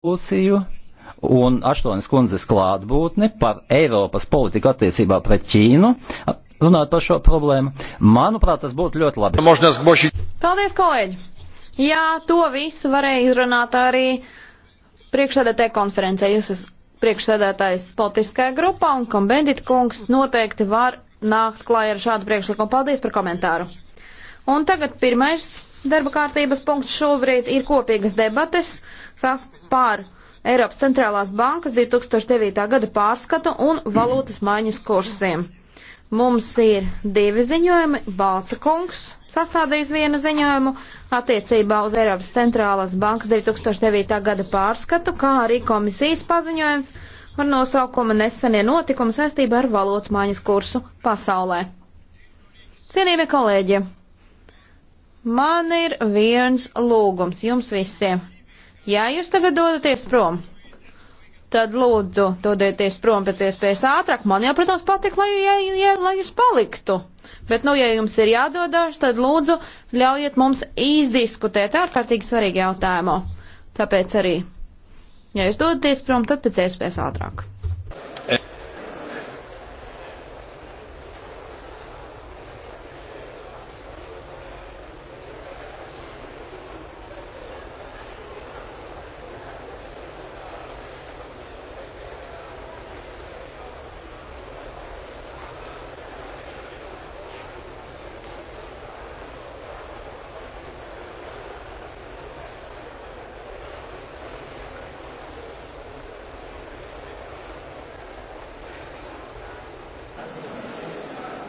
rezolūciju un aštuonas kundzes klātbūtni par Eiropas politiku attiecībā pret Ķīnu. Runāt par šo problēmu, manuprāt, tas būtu ļoti labi. Paldies, kolēģi! Jā, to visu varēja izrunāt arī priekšsēdētāja konferencē. Jūs esat priekšsēdētājs politiskajā grupā un kombendita kungs noteikti var nākt klāj ar šādu priekšlikumu. Paldies par komentāru! Un tagad pirmais darba kārtības punkts šobrīd ir kopīgas debates sas pār Eiropas centrālās bankas 2009. gada pārskatu un valūtas maiņas kursiem. Mums ir divi ziņojumi. Balca kungs sastādījis vienu ziņojumu attiecībā uz Eiropas centrālās bankas 2009. gada pārskatu, kā arī komisijas paziņojums ar nosaukumu nesenie notikumi saistībā ar valūtas maiņas kursu pasaulē. Cienījamie kolēģi, man ir viens lūgums jums visiem. Ja jūs tagad dodaties prom, tad lūdzu dodieties prom pēc iespējas ātrāk. Man jau, protams, patīk, lai, ja, ja, lai jūs paliktu. Bet, nu, ja jums ir jādodas, tad lūdzu ļaujiet mums izdiskutēt ārkārtīgi svarīgi jautājumu. Tāpēc arī, ja jūs dodaties prom, tad pēc iespējas ātrāk.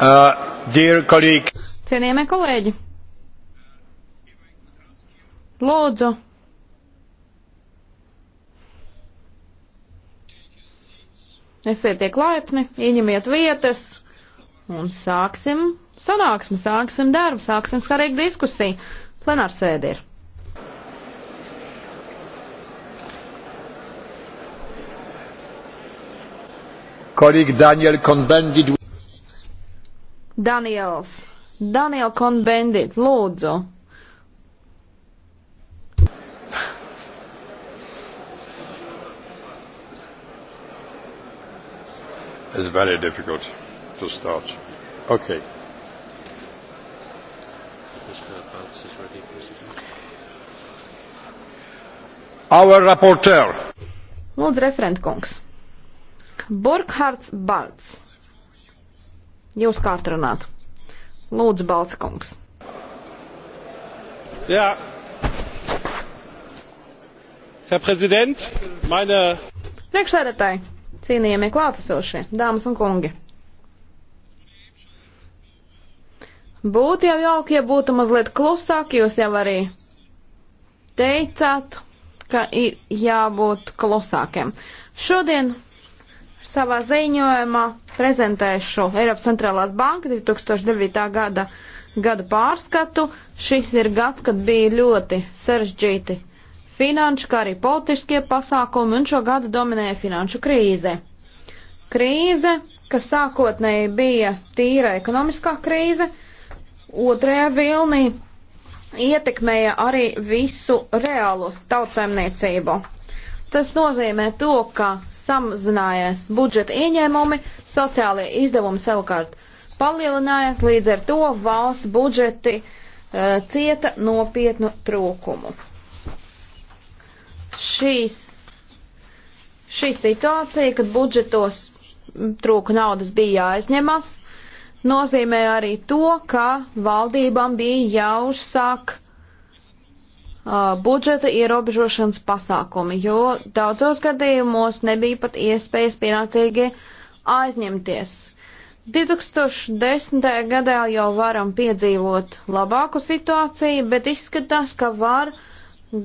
Uh, Cienījamie kolēģi, lūdzu, esiet tiek laipni, ieņemiet vietas un sāksim sanāksmi, sāksim darbu, sāksim svarīgu diskusiju. Plenārsēdi ir. kolik Daniel Cohn-Bendit Daniels. Daniela Konbendit, lūdzu. It's very difficult to start. Okay. Our rapporteur. Lūdzu, referentkungs. Burkhards Balts. Jūs kārt runāt. Lūdzu, Baltskungs. Jā. Herr Präsident, meine. Priekšsēdētāji, cienījamie klātesošie, dāmas un kungi. Būtu jau jauki, ja būtu mazliet klusāk, jūs jau arī teicāt, ka ir jābūt klusākiem. Šodien savā ziņojumā prezentēšu Eiropas centrālās banka 2009. gada gada pārskatu. Šis ir gads, kad bija ļoti sarežģīti finanšu, kā arī politiskie pasākumi, un šo gadu dominēja finanšu krīze. Krīze, kas sākotnēji bija tīra ekonomiskā krīze, otrajā vilnī ietekmēja arī visu reālos tautsēmniecību. Tas nozīmē to, ka samazinājās budžeta ieņēmumi, sociālie izdevumi savukārt palielinājās, līdz ar to valsts budžeti uh, cieta nopietnu trūkumu. Šīs, šī situācija, kad budžetos trūka naudas bija jāaizņemas, nozīmē arī to, ka valdībām bija jāuzsāk uh, budžeta ierobežošanas pasākumi, jo daudzos gadījumos nebija pat iespējas pienācīgi aizņemties. 2010. gadā jau varam piedzīvot labāku situāciju, bet izskatās, ka var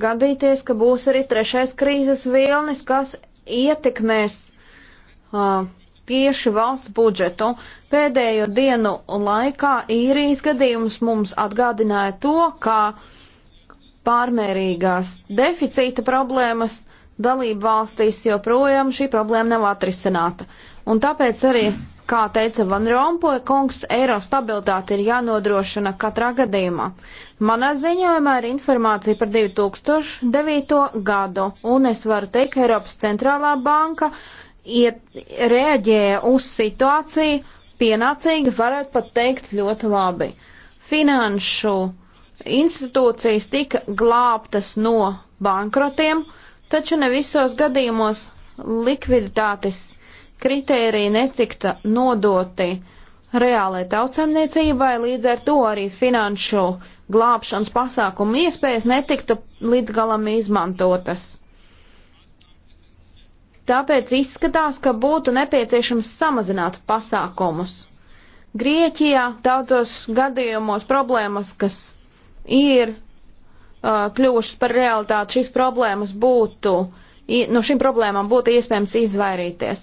gadīties, ka būs arī trešais krīzes vilnis, kas ietekmēs uh, tieši valsts budžetu. Pēdējo dienu laikā īrijas gadījums mums atgādināja to, ka uh, pārmērīgās deficīta problēmas dalību valstīs joprojām šī problēma nav atrisināta. Un tāpēc arī, kā teica Van Rompuja kungs, eiro stabilitāte ir jānodrošina katrā gadījumā. Manā ziņojumā ir informācija par 2009. gadu, un es varu teikt, ka Eiropas centrālā banka iet, reaģēja uz situāciju pienācīgi, varētu pat teikt, ļoti labi. Finanšu uh, institūcijas tika glābtas no bankrotiem, taču ne visos gadījumos likviditātes kritēriji netikta nodoti reālai tautsamniecībai, līdz ar to arī finanšu glābšanas pasākumu iespējas netikta līdz galam izmantotas. Tāpēc izskatās, ka būtu nepieciešams samazināt pasākumus. Grieķijā daudzos gadījumos problēmas, kas ir uh, kļuvušas par realitāti, šīs problēmas būtu, no šīm problēmām būtu iespējams izvairīties.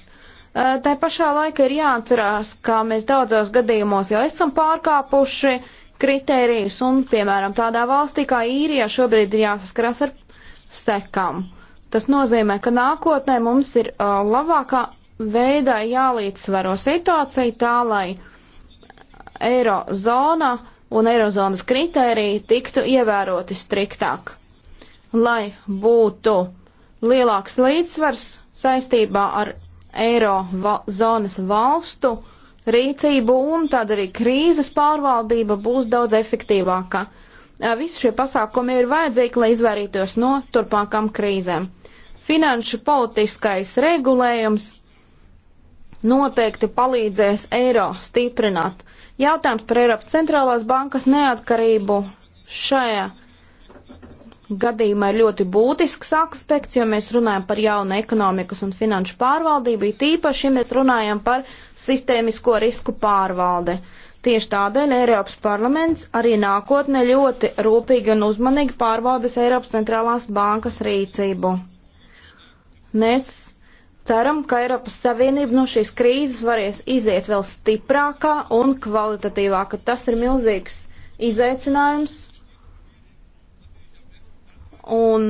Uh, tā pašā laikā ir jāatcerās, ka mēs daudzos gadījumos jau esam pārkāpuši kritērijus, un, piemēram, tādā valstī kā īrijā šobrīd ir jāsaskarās ar sekām. Tas nozīmē, ka nākotnē mums ir uh, labākā veidā jālīdzsvaro situācija tā, lai eirozona uh, un Eirozonas kritēriji tiktu ievēroti striktāk, lai būtu lielāks līdzsvars saistībā ar Eirozonas va valstu rīcību un tad arī krīzes pārvaldība būs daudz efektīvāka. Visi šie pasākumi ir vajadzīgi, lai izvairītos no turpmākām krīzēm. Finanšu politiskais regulējums noteikti palīdzēs eiro stiprināt. Jautājums par Eiropas centrālās bankas neatkarību šajā gadījumā ir ļoti būtisks aspekts, jo mēs runājam par jaunu ekonomikas un finanšu pārvaldību, tīpaši, ja mēs runājam par sistēmisko risku pārvaldi. Tieši tādēļ Eiropas parlaments arī nākotnē ļoti rūpīgi un uzmanīgi pārbaudas Eiropas centrālās bankas rīcību. Mēs Ceram, ka Eiropas Savienība no šīs krīzes varēs iziet vēl stiprākā un kvalitatīvāka. Tas ir milzīgs izaicinājums. Un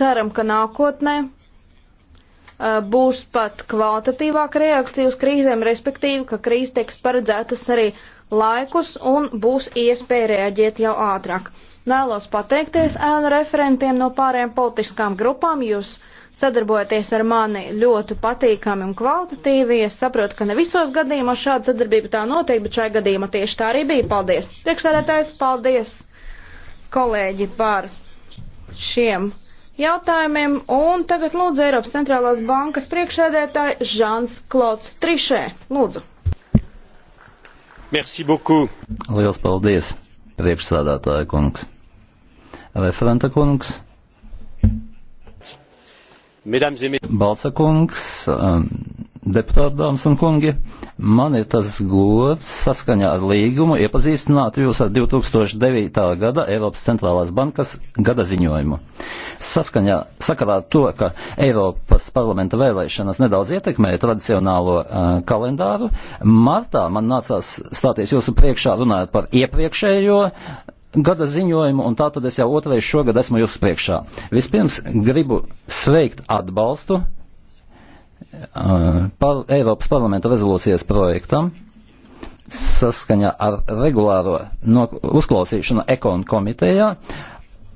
ceram, ka nākotnē būs pat kvalitatīvāka reakcija uz krīzēm, respektīvi, ka krīze tiks paredzētas arī laikus un būs iespēja reaģēt jau ātrāk. Vēlos pateikties ēnu referentiem no pārējām politiskām grupām. Jūs sadarbojaties ar mani ļoti patīkami un kvalitatīvi. Es saprotu, ka ne visos gadījumos šāda sadarbība tā notiek, bet šajā gadījumā tieši tā arī bija. Paldies! Priekšstādātājs, paldies kolēģi par šiem jautājumiem. Un tagad lūdzu Eiropas centrālās bankas priekšsēdētāji Žans Klods Trišē. Lūdzu! Merci beaucoup! Liels paldies, priekšsādātāja kungs! Referenta kungs! Balca kungs, um, deputātdāms un kungi, man ir tas gods saskaņā ar līgumu iepazīstināt jūs ar 2009. gada Eiropas centrālās bankas gada ziņojumu. Saskaņā sakarā to, ka Eiropas parlamenta vēlēšanas nedaudz ietekmēja tradicionālo uh, kalendāru, martā man nācās stāties jūsu priekšā runājot par iepriekšējo gada ziņojumu, un tātad es jau otrais šogad esmu jūsu priekšā. Vispirms gribu sveikt atbalstu uh, par Eiropas parlamenta rezolūcijas projektam saskaņā ar regulāro no, uzklausīšanu ekonu komitejā,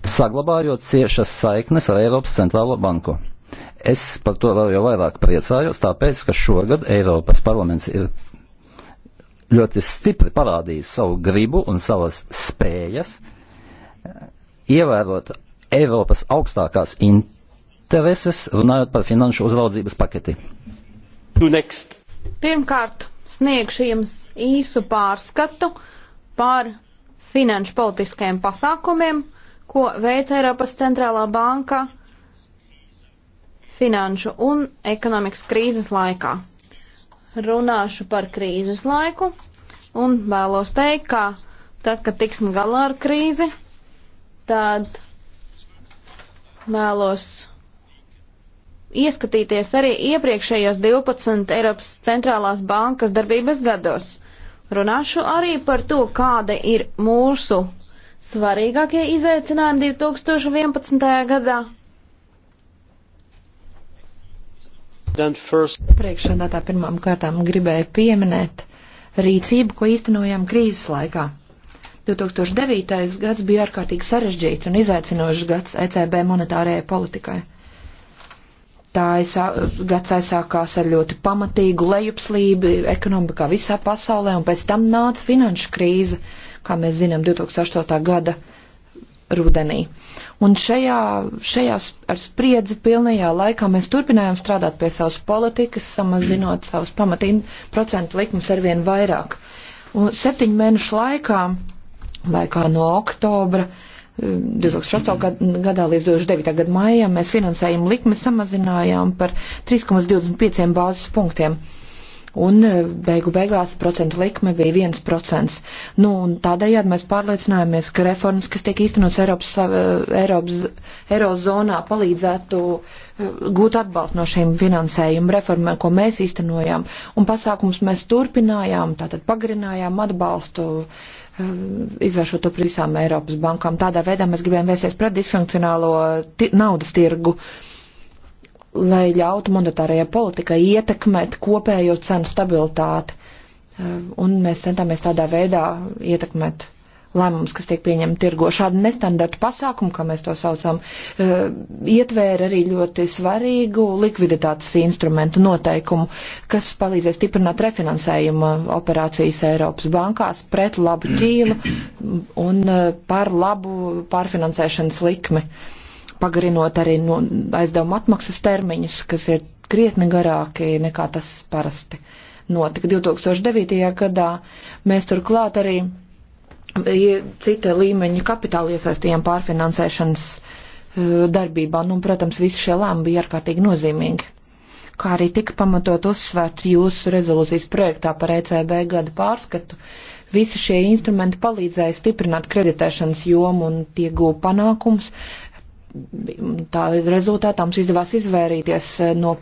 saglabājot ciešas saiknes ar Eiropas centrālo banku. Es par to vēl jau vairāk priecājos, tāpēc, ka šogad Eiropas parlaments ir ļoti stipri parādījis savu gribu un savas spējas eh, ievērot Eiropas augstākās intereses, runājot par finanšu uzraudzības paketi. Pirmkārt, sniegšu jums īsu pārskatu par finanšu politiskajiem pasākumiem, ko veica Eiropas centrālā banka finanšu un ekonomikas krīzes laikā runāšu par krīzes laiku un vēlos teikt, ka tad, kad tiksim galā ar krīzi, tad vēlos ieskatīties arī iepriekšējos 12 Eiropas centrālās bankas darbības gados. Runāšu arī par to, kāda ir mūsu svarīgākie izaicinājumi 2011. gadā Priekšsādātā pirmām kārtām gribēju pieminēt rīcību, ko īstenojām krīzes laikā. 2009. gads bija ārkārtīgi sarežģīts un izaicinošs gads ECB monetārajai politikai. Tā aizsā, gads aizsākās ar ļoti pamatīgu lejupslību ekonomikā visā pasaulē, un pēc tam nāca finanšu krīze, kā mēs zinām, 2008. gada rudenī. Un šajā, šajā ar spriedzi pilnajā laikā mēs turpinājām strādāt pie savas politikas, samazinot savus pamatīn procentu likmes arvien vairāk. Un septiņu mēnešu laikā, laikā no oktobra 2008. Um, gadā līdz 2009. gada maijam, mēs finansējumu likmi samazinājām par 3,25 bāzes punktiem un e, beigu beigās procentu likme bija 1%. Nu, un tādējādi mēs pārliecinājāmies, ka reformas, kas tiek īstenots Eiropas, e, Eiropas, Eirozonā, palīdzētu e, gūt atbalstu no šīm finansējuma reformām, ko mēs īstenojām, un pasākums mēs turpinājām, tātad pagrinājām atbalstu izvēršot to par visām Eiropas bankām. Tādā veidā mēs gribējām vērsties pret disfunkcionālo naudas tirgu. Uh, lai ļautu monetārajai politikai ietekmēt kopējo cenu stabilitāti. Eh, un mēs centāmies tādā veidā ietekmēt lēmumus, kas tiek pieņemti tirgo. Šādi nestandarta pasākumi, kā mēs to saucam, eh, ietvēra arī ļoti svarīgu likviditātes instrumentu noteikumu, kas palīdzēs stiprināt refinansējuma operācijas Eiropas bankās pret labu ķīlu un eh, par labu pārfinansēšanas likmi. Uh, pagarinot arī no aizdevuma atmaksas termiņus, kas ir krietni garāki nekā tas parasti notika. 2009. gadā mēs turklāt arī cita līmeņa kapitāla iesaistījām pārfinansēšanas e, darbībā. Nu, protams, visi šie lēmumi bija ārkārtīgi nozīmīgi. Kā arī tika pamatot uzsvērts jūsu rezolūcijas projektā par ECB gada pārskatu, visi šie instrumenti palīdzēja stiprināt kreditēšanas jomu un tie gūv panākums, tā rezultātā mums izdevās izvairīties eh, no,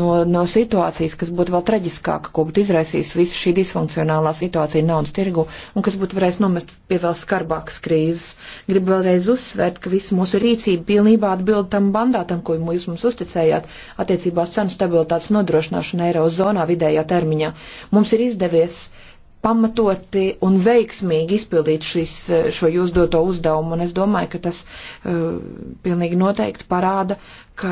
no, no situācijas, kas būtu vēl traģiskāka, ko būtu izraisījis visa šī disfunkcionālā situācija naudas tirgu un kas būtu varējis nomest pie vēl skarbākas krīzes. Gribu vēlreiz uzsvērt, ka visa mūsu rīcība pilnībā atbild tam bandātam, ko jūs mums uzticējāt attiecībā uz cenu stabilitātes nodrošināšanu Eirozonā vidējā termiņā. Mums ir izdevies uh, pamatoti un veiksmīgi izpildīt šis, šo jūs doto uzdevumu, un es domāju, ka tas uh, pilnīgi noteikti parāda, ka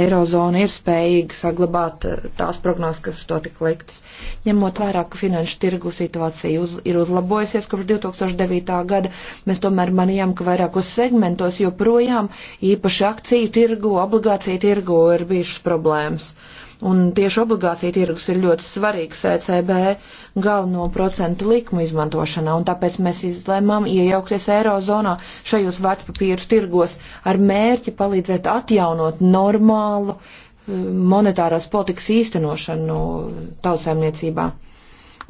Eirozona ir spējīga saglabāt uh, tās prognozes, kas to tik liktas. Ņemot vērā, ka finanšu tirgu situācija uz, ir uzlabojusies kopš 2009. gada, mēs tomēr manījām, ka vairākos segmentos joprojām īpaši akciju tirgu, obligāciju tirgu ir bijušas problēmas. Uh, Un tieši obligācija tirgus ir ļoti svarīgs ECB galveno procentu likmu izmantošanā, un tāpēc mēs izlēmām iejaukties Eirozonā šajos vērtpapīru tirgos ar mērķi palīdzēt atjaunot normālu eh, monetārās politikas īstenošanu tautsēmniecībā.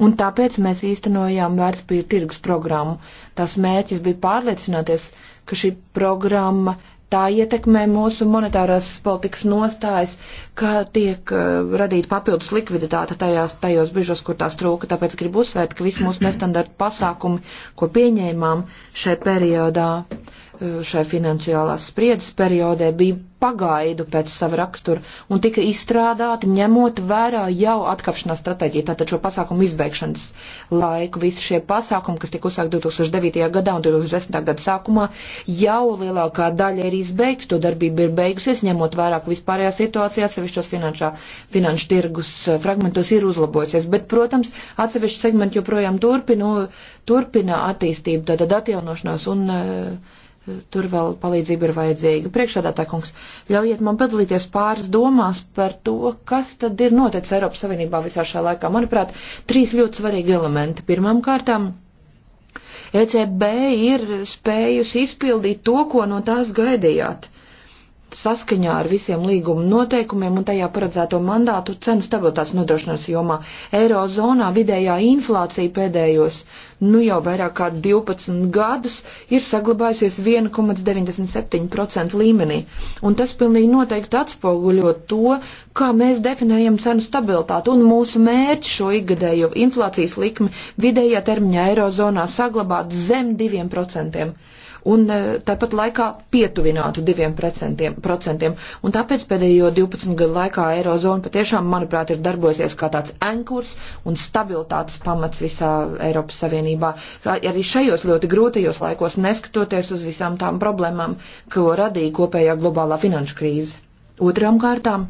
Un tāpēc mēs īstenojām vērtspapīru tirgus programmu. Tas mērķis bija pārliecināties, ka šī programma tā ietekmē mūsu monetārās politikas nostājas, ka tiek uh, radīta papildus likviditāte tajās, tajos bižos, kur tās trūka. Tāpēc gribu uzsvērt, ka visi mūsu nestandarta pasākumi, ko pieņēmām šai periodā, uh, šai finansiālās spriedzes periodē bija pagaidu pēc sava rakstura un tika izstrādāti ņemot vērā jau atkāpšanās stratēģiju, tātad šo pasākumu izbeigšanas laiku. Visi šie pasākumi, kas tika uzsākt 2009. gadā un 2010. gada sākumā, jau lielākā daļa ir izbeigts, to darbība ir beigusies, ņemot vērā, ka vispārējā situācijā atsevišķos finanšā, finanšu tirgus eh, fragmentos ir uzlabojusies. Bet, protams, atsevišķi segmenti joprojām turpina, turpina attīstību, tātad atjaunošanos un uh, tur vēl palīdzība ir vajadzīga. Priekšādātā kungs, ļaujiet man padalīties pāris domās par to, kas tad ir noticis Eiropas Savienībā visā šajā laikā. Manuprāt, trīs ļoti svarīgi elementi. Pirmām kārtām. ECB ir spējusi izpildīt to, ko no tās gaidījāt saskaņā ar visiem līguma noteikumiem un tajā paredzēto mandātu cenu stabilitātes nodrošināšanas jomā. Eirozonā vidējā inflācija pēdējos uh, nu jau vairāk kā 12 gadus ir saglabājusies 1,97% līmenī. Un tas pilnīgi noteikti atspoguļo to, kā mēs definējam cenu stabilitāti un mūsu mērķi šo ikgadējo inflācijas likmi vidējā termiņā Eirozonā saglabāt zem 2% un e, tāpat laikā pietuvinātu 2%. Un tāpēc pēdējo 12 gadu laikā Eirozona patiešām, manuprāt, ir darbojusies kā tāds ankurs un stabilitātes pamats visā Eiropas Savienībā. Arī šajos ļoti grūtajos laikos, neskatoties uz visām tām problēmām, ko radīja kopējā globālā finanšu krīze. Otrām kārtām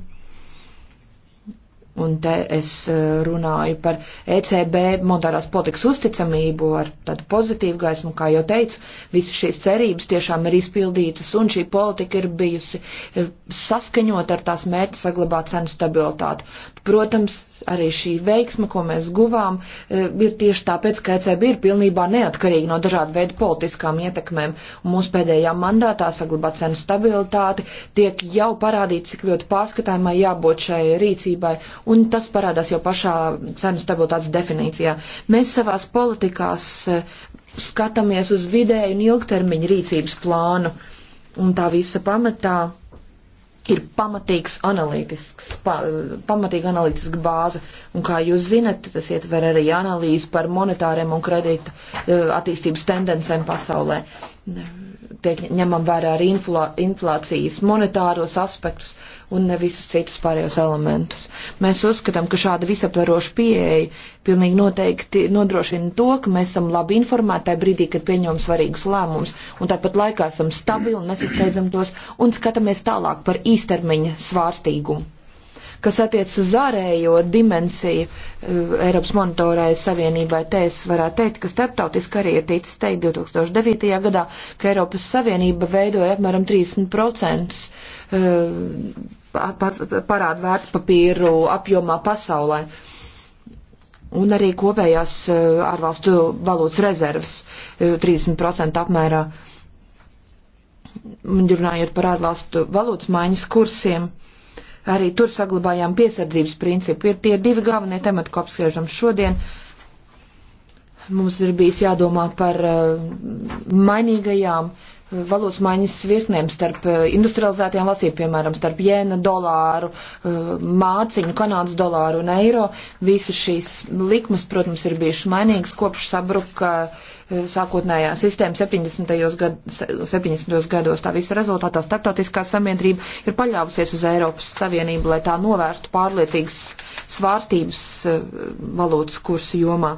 Un te es eh, runāju par ECB monetārās politikas uzticamību ar tādu pozitīvu gaismu, kā jau teicu, visas šīs cerības tiešām ir izpildītas un šī politika ir bijusi eh, saskaņot ar tās mērķi saglabāt cenu stabilitāti. Protams, arī šī veiksma, ko mēs guvām, e, ir tieši tāpēc, ka ECB ir pilnībā neatkarīga no dažādu veidu politiskām ietekmēm. Mūsu pēdējā mandātā saglabāt cenu stabilitāti, tiek jau parādīts, cik ļoti pārskatāmai jābūt šai rīcībai, un tas parādās jau pašā cenu stabilitātes definīcijā. Mēs savās politikās e, skatāmies uz vidēju un ilgtermiņu rīcības plānu, un tā visa pamatā ir pamatīgs analītisks, pa, pamatīga analītiska bāze, un kā jūs zinat, tas ietver arī analīzi par monetāriem un kredīta e, attīstības tendencēm pasaulē. Tiek ņemam vērā arī inflā, inflācijas monetāros aspektus, uh, un ne visus citus pārējos elementus. Mēs uzskatām, ka šāda visaptveroša pieeja pilnīgi noteikti nodrošina to, ka mēs esam labi informēti tajā brīdī, kad pieņemam svarīgus lēmumus, un tāpat laikā esam stabili, nesasteidzam tos un skatāmies tālāk par īstermiņa svārstīgumu. Kas attiec uz ārējo dimensiju eh, Eiropas monitorai savienībai, te es varētu teikt, ka starptautiski arī ir ticis teikt 2009. gadā, ka Eiropas Savienība veidoja apmēram 30% Eh, parādu vērtspapīru apjomā pasaulē un arī kopējās eh, ārvalstu valūtas rezerves 30% eh, apmērā. Un runājot par ārvalstu valūtas maiņas kursiem, arī tur saglabājām piesardzības principu. Ir tie divi galvenie temati, ko apspriežam šodien. Mums ir bijis jādomā par mainīgajām uh, valūtas maiņas virknēm starp eh, industrializētajām valstīm, piemēram, starp jēna, dolāru, eh, mārciņu, kanādas dolāru un eiro. Visas šīs likmes, protams, ir bijušas mainīgas kopš sabruka eh, sākotnējā sistēma 70. Gad, 70. gados. Tā visa rezultātā starptautiskā samiedrība ir paļāvusies uz Eiropas Savienību, lai tā novērstu pārliecīgas svārstības valūtas kursu jomā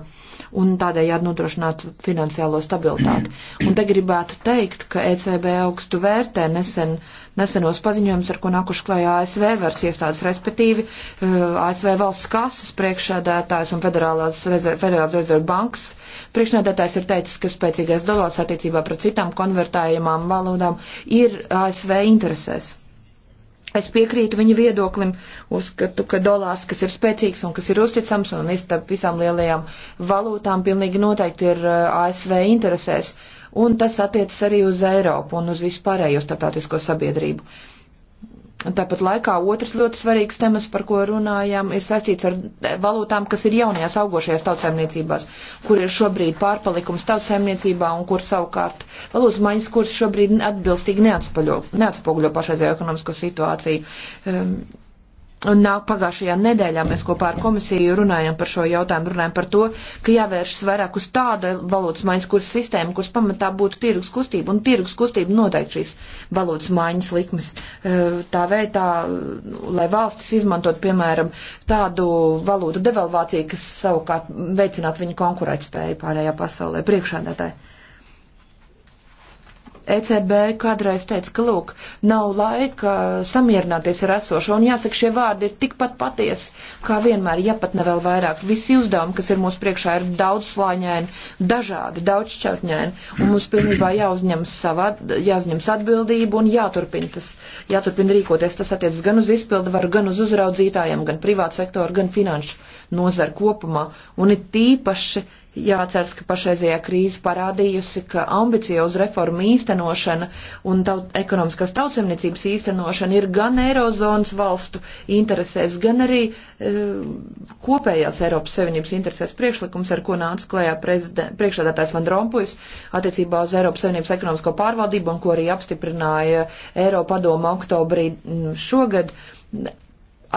un tādējādi nodrošināt finansiālo stabilitāti. Un te gribētu teikt, ka ECB augstu vērtē nesen nesenos paziņojumus, ar ko nākuši klajā ASV varas iestādes, respektīvi eh, ASV valsts kases priekšsēdētājs un federālās rezerv, federālās rezervu bankas priekšsēdētājs ir teicis, ka spēcīgais dolārs attiecībā pret citām konvertējumām valodām ir ASV interesēs. Es piekrītu viņa viedoklim, uzskatu, ka dolārs, kas ir spēcīgs un kas ir uzticams un iztab visām lielajām valūtām, pilnīgi noteikti ir uh, ASV interesēs, un tas attiecas arī uz Eiropu un uz vispārējo starptautisko sabiedrību. Uh, Tāpat laikā otrs ļoti svarīgs temats, par ko runājām, ir saistīts ar valūtām, kas ir jaunajās augošajās tautsēmniecībās, kur ir šobrīd pārpalikums tautsēmniecībā un kur savukārt valūtas maiņas kurs šobrīd atbilstīgi neatspoguļo pašreizējo ekonomisko situāciju. Um, Un nāk pagājušajā nedēļā mēs kopā ar komisiju runājam par šo jautājumu, runājam par to, ka jāvēršas vairāk uz tādu valūtas maiņas kuras sistēmu, kuras pamatā būtu tirgus kustība, un tirgus kustība noteikti šīs valūtas maiņas likmes. E, tā veidā, lai valstis izmantot, piemēram, tādu valūtu devalvāciju, kas savukārt veicinātu viņu konkurētspēju pārējā pasaulē priekšādātāji. ECB kādreiz teica, ka, lūk, nav laika samierināties ar esošo, un jāsaka, šie vārdi ir tikpat patiesi, kā vienmēr, ja pat ne vēl vairāk. Visi uzdevumi, kas ir mūsu priekšā, ir daudzslāņaini, dažādi, daudzšķautņaini, un mums pilnībā jāuzņems, savā, jāuzņems atbildību un jāturpina, tas, jāturpina rīkoties. Tas attiecas gan uz izpildu varu, gan uz uzraudzītājiem, gan privātsektoru, gan finanšu nozaru kopumā, un ir tīpaši Jāceras, ka pašreizējā krīze parādījusi, ka ambiciozu reformu īstenošana un taut, ekonomiskās tautsemniecības īstenošana ir gan Eirozonas valstu interesēs, gan arī e, kopējās Eiropas Savienības interesēs priekšlikums, ar ko nāca klējā priekšādātājs Van Rompuis attiecībā uz Eiropas Savienības ekonomisko pārvaldību un ko arī apstiprināja Eiropadoma oktobrī šogad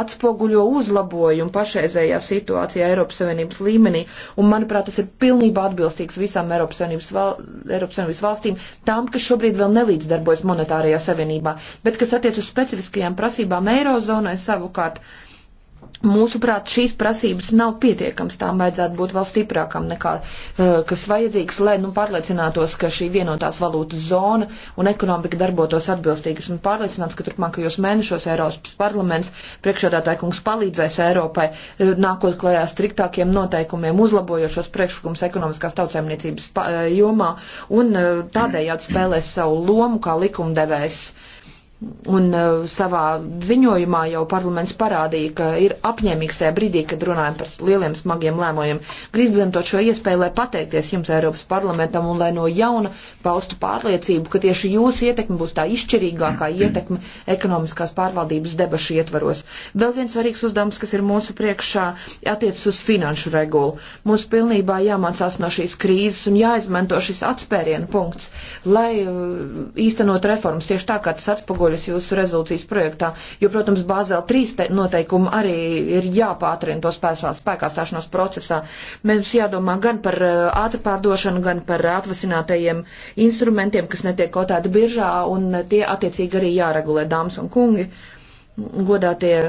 atspoguļo uzlabojumu pašreizējā situācijā Eiropas Savienības līmenī, un, manuprāt, tas ir pilnībā atbilstīgs visām Eiropas Savienības, val, Eiropas Savienības valstīm, tām, kas šobrīd vēl nelīdzdarbojas monetārajā savienībā, bet kas attiec uz specifiskajām prasībām Eirozonai savukārt. Uh, Mūsuprāt, šīs prasības nav pietiekams, tām vajadzētu būt vēl stiprākam nekā, eh, kas vajadzīgs, lai nu pārliecinātos, ka šī vienotās valūtas zona un ekonomika darbotos atbilstīgi. Esmu pārliecināts, ka turpmākajos mēnešos Eiropas parlaments priekšādātāja kungs palīdzēs Eiropai eh, nākot klajā striktākiem noteikumiem, uzlabojošos priekšlikums ekonomiskās tautsēmniecības eh, jomā un tādējādi spēlēs savu lomu kā likumdevējs Un uh, savā ziņojumā jau parlaments parādīja, ka ir apņēmīgs tajā brīdī, kad runājam par lieliem smagiem lēmojiem. Gribu izmantot šo iespēju, lai pateikties jums Eiropas parlamentam un lai no jauna paustu pārliecību, ka tieši jūsu ietekme būs tā izšķirīgākā ietekme ekonomiskās pārvaldības debašu ietvaros. Vēl viens svarīgs uzdevums, kas ir mūsu priekšā, attiecas uz finanšu regulu. Mums pilnībā jāmācās no šīs krīzes un jāizmanto šis atspērienu punkts, lai uh, īstenot reformas tieši tā, kā tas atspoguļ soļus jūsu rezolūcijas projektā, jo, protams, Bāzēla 3 noteikumi arī ir jāpātrina to spēkā, spēkā stāšanos procesā. Mums jādomā gan par uh, ātru pārdošanu, gan par atvasinātajiem instrumentiem, kas netiek kotēti biržā, un tie attiecīgi arī jāregulē, dāmas un kungi, godātie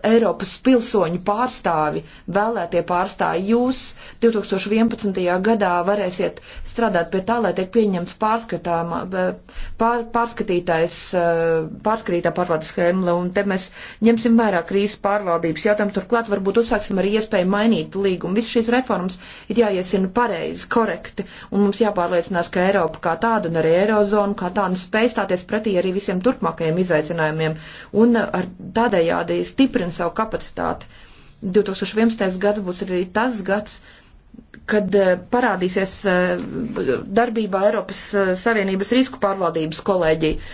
Eiropas pilsoņu pārstāvi, vēlētie pārstāvi, jūs 2011. gadā varēsiet strādāt pie tā, lai tiek pieņemts pār, pārskatītājs, eh, pārskatītā pārvaldes schēma, un te mēs ņemsim vērā krīzes pārvaldības jautājumu. Turklāt varbūt uzsāksim arī iespēju mainīt līgumu. Viss šīs reformas ir jāiesina pareizi, korekti, un mums jāpārliecinās, ka Eiropa kā tāda un arī Eirozona kā tāda spēj stāties pretī arī visiem turpmākajiem izaicinājumiem un ar tādējādi stiprina savu kapacitāti. 2011. gads būs arī tas gads, kad eh, parādīsies eh, darbībā Eiropas eh, Savienības risku pārvaldības kolēģija.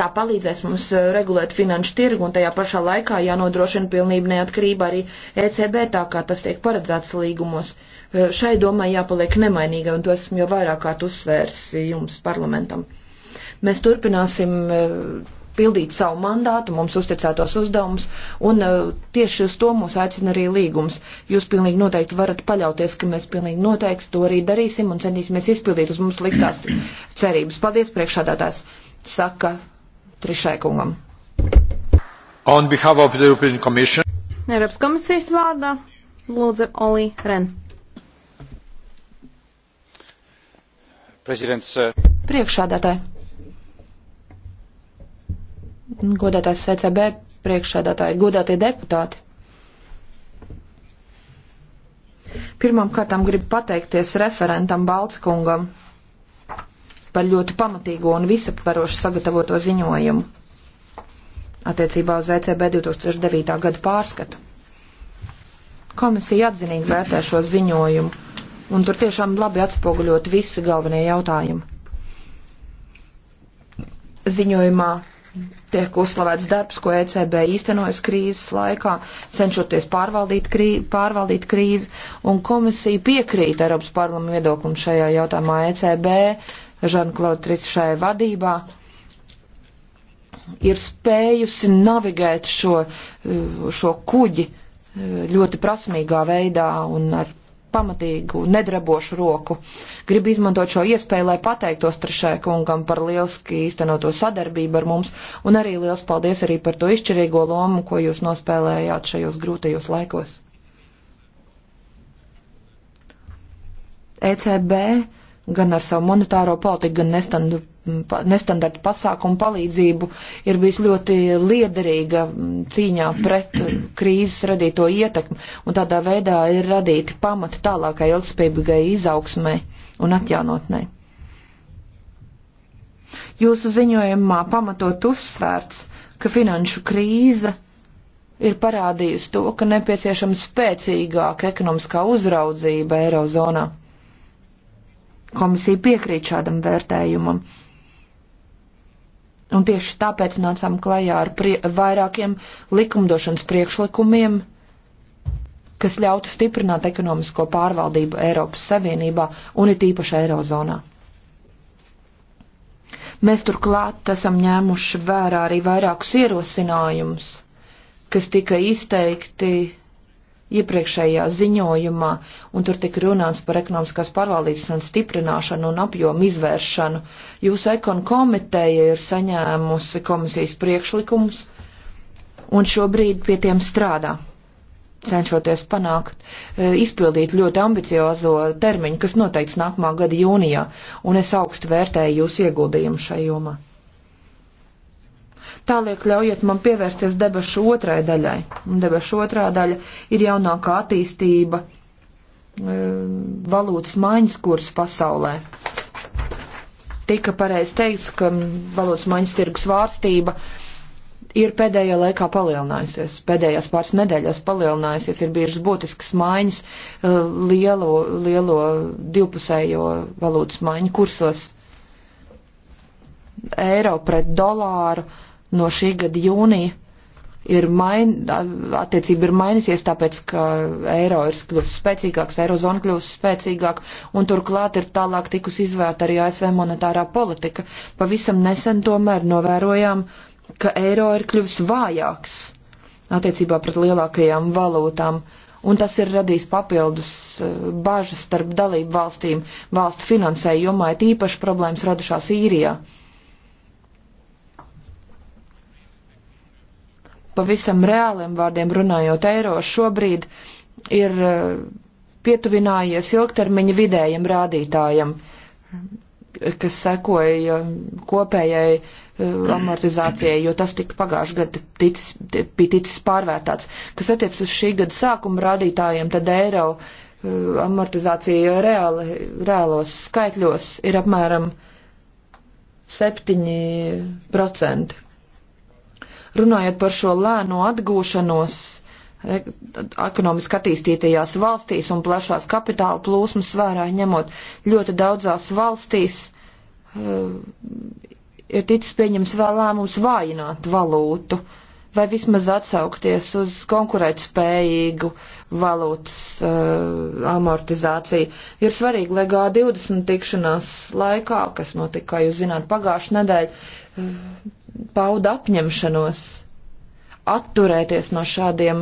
Tā palīdzēs mums regulēt finanšu tirgu un tajā pašā laikā jānodrošina pilnība neatkarība arī ECB, tā kā tas tiek paredzēts līgumos. Šai domai jāpaliek nemainīga, un to esmu jau vairāk kārt uzsvērs jums parlamentam. Mēs turpināsim pildīt savu mandātu, mums uzticētos uzdevumus, un uh, tieši uz to mūs aicina arī līgums. Jūs pilnīgi noteikti varat paļauties, ka mēs pilnīgi noteikti to arī darīsim un centīsimies izpildīt uz mums liktās cerības. Paldies priekšādātājs, saka Trišai kungam. On behalf of the European Commission. Eiropas komisijas vārdā lūdzu Olī Ren. Prezidents. Uh... Priekšādātāji godātās SCB priekšsēdētāji, godātie deputāti. Pirmām kārtām gribu pateikties referentam Balckungam par ļoti pamatīgo un visaptverošu sagatavoto ziņojumu attiecībā uz ECB 2009. gada pārskatu. Komisija atzinīgi vērtē šo ziņojumu, un tur tiešām labi atspoguļot visi galvenie jautājumi. Ziņojumā tiek uzslavēts darbs, ko ECB īstenojas krīzes laikā, cenšoties pārvaldīt, krī, pārvaldīt krīzi, un komisija piekrīt Eiropas parlamentu viedoklim šajā jautājumā ECB, Žanklauda Tritsšai vadībā, ir spējusi navigēt šo, šo kuģi eh, ļoti prasmīgā veidā un ar pamatīgu, nedrabošu roku. Gribu izmantot šo iespēju, lai pateiktos trešai kungam par lieliski īstenoto sadarbību ar mums, un arī liels paldies arī par to izšķirīgo lomu, ko jūs nospēlējāt šajos grūtajos laikos. ECB gan ar savu monetāro politiku, gan nestandu nestandarta pasākumu palīdzību ir bijis ļoti liederīga mm, cīņā pret krīzes radīto ietekmi, un tādā veidā ir radīti pamati tālākai ilgspējīgai izaugsmai un atjaunotnē. Jūsu ziņojumā pamatot uzsvērts, ka finanšu krīze ir parādījusi to, ka nepieciešama spēcīgāka ekonomiskā uzraudzība Eirozonā. Komisija piekrīt šādam vērtējumam Un tieši tāpēc nācām klajā ar prie, vairākiem likumdošanas priekšlikumiem, kas ļautu stiprināt ekonomisko pārvaldību Eiropas Savienībā un it īpaši Eirozonā. Mēs turklāt esam ņēmuši vērā arī vairākus ierosinājumus, kas tika izteikti iepriekšējā ziņojumā, un tur tika runāts par ekonomiskās pārvaldības stiprināšanu un apjomu izvēršanu. Jūsu ekonu komiteja ir saņēmusi komisijas priekšlikumus, un šobrīd pie tiem strādā cenšoties panākt, e, izpildīt ļoti ambiciozo termiņu, kas noteikts nākamā gada jūnijā, un es augstu vērtēju jūsu ieguldījumu šajā jomā. Tālāk ļaujiet man pievērsties debašu otrai daļai. Un debašu otrā daļa ir jaunākā attīstība e, valūtas maiņas kursu pasaulē. Tika pareizi teikts, ka valūtas maiņas tirgus vārstība ir pēdējā laikā palielinājusies, pēdējās pāris nedēļās palielinājusies, ir bijušas būtiskas maiņas e, lielo, lielo divpusējo valūtas maiņu kursos. Eiro pret dolāru, uh, no šī gada jūnija ir main, attiecība ir mainīsies, tāpēc, ka eiro ir kļuvusi spēcīgāks, eirozona kļuvusi spēcīgāk, un turklāt ir tālāk tikus izvērta arī ASV monetārā politika. Pavisam nesen tomēr novērojām, ka eiro ir kļuvis vājāks attiecībā pret lielākajām valūtām. Un tas ir radījis papildus eh, bažas starp dalību valstīm, valstu finansējumā, ir īpaši problēmas radušās īrijā. Ja pavisam reāliem vārdiem runājot, eiro šobrīd ir eh, pietuvinājies ilgtermiņa vidējiem rādītājam, kas sekoja kopējai eh, amortizācijai, jo tas tika pagājuši gadu ticis, bija ticis pārvērtāts. Kas attiec uz šī gada sākuma rādītājiem, tad eiro eh, amortizācija reāli, reālos skaitļos ir apmēram 7%. Runājot par šo lēno atgūšanos e, ekonomiski attīstītajās valstīs un plašās kapitāla plūsmas vērā ņemot, ļoti daudzās valstīs uh, ir ticis pieņems vēl lēmums vājināt valūtu vai vismaz atsaukties uz konkurētspējīgu valūtas uh, amortizāciju. Ir svarīgi, lai G20 tikšanās laikā, kas notika, kā jūs zināt, pagājušajā nedēļā, uh, pauda apņemšanos atturēties no šādiem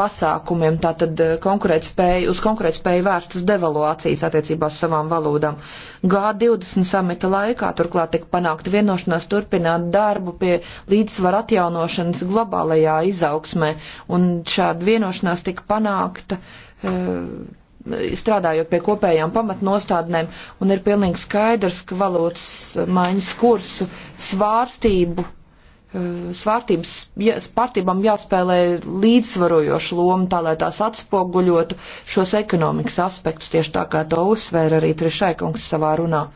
pasākumiem, tātad eh, konkurēt spēju, uz konkurēt spēju vērstas devaluācijas attiecībā uz savām valūdām. G20 samita laikā turklāt tika panākta vienošanās turpināt darbu pie līdzsvara atjaunošanas globālajā izaugsmē, un šāda vienošanās tika panākta. Uh, strādājot pie kopējām pamatnostādnēm, un ir pilnīgi skaidrs, ka valūtas maiņas kursu svārstību, eh, svārstības, svārstībām jāspēlē līdzsvarojošu lomu, tā lai tās atspoguļotu šos ekonomikas aspektus, tieši tā kā to uzsvēra arī Trišaikungs savā runā.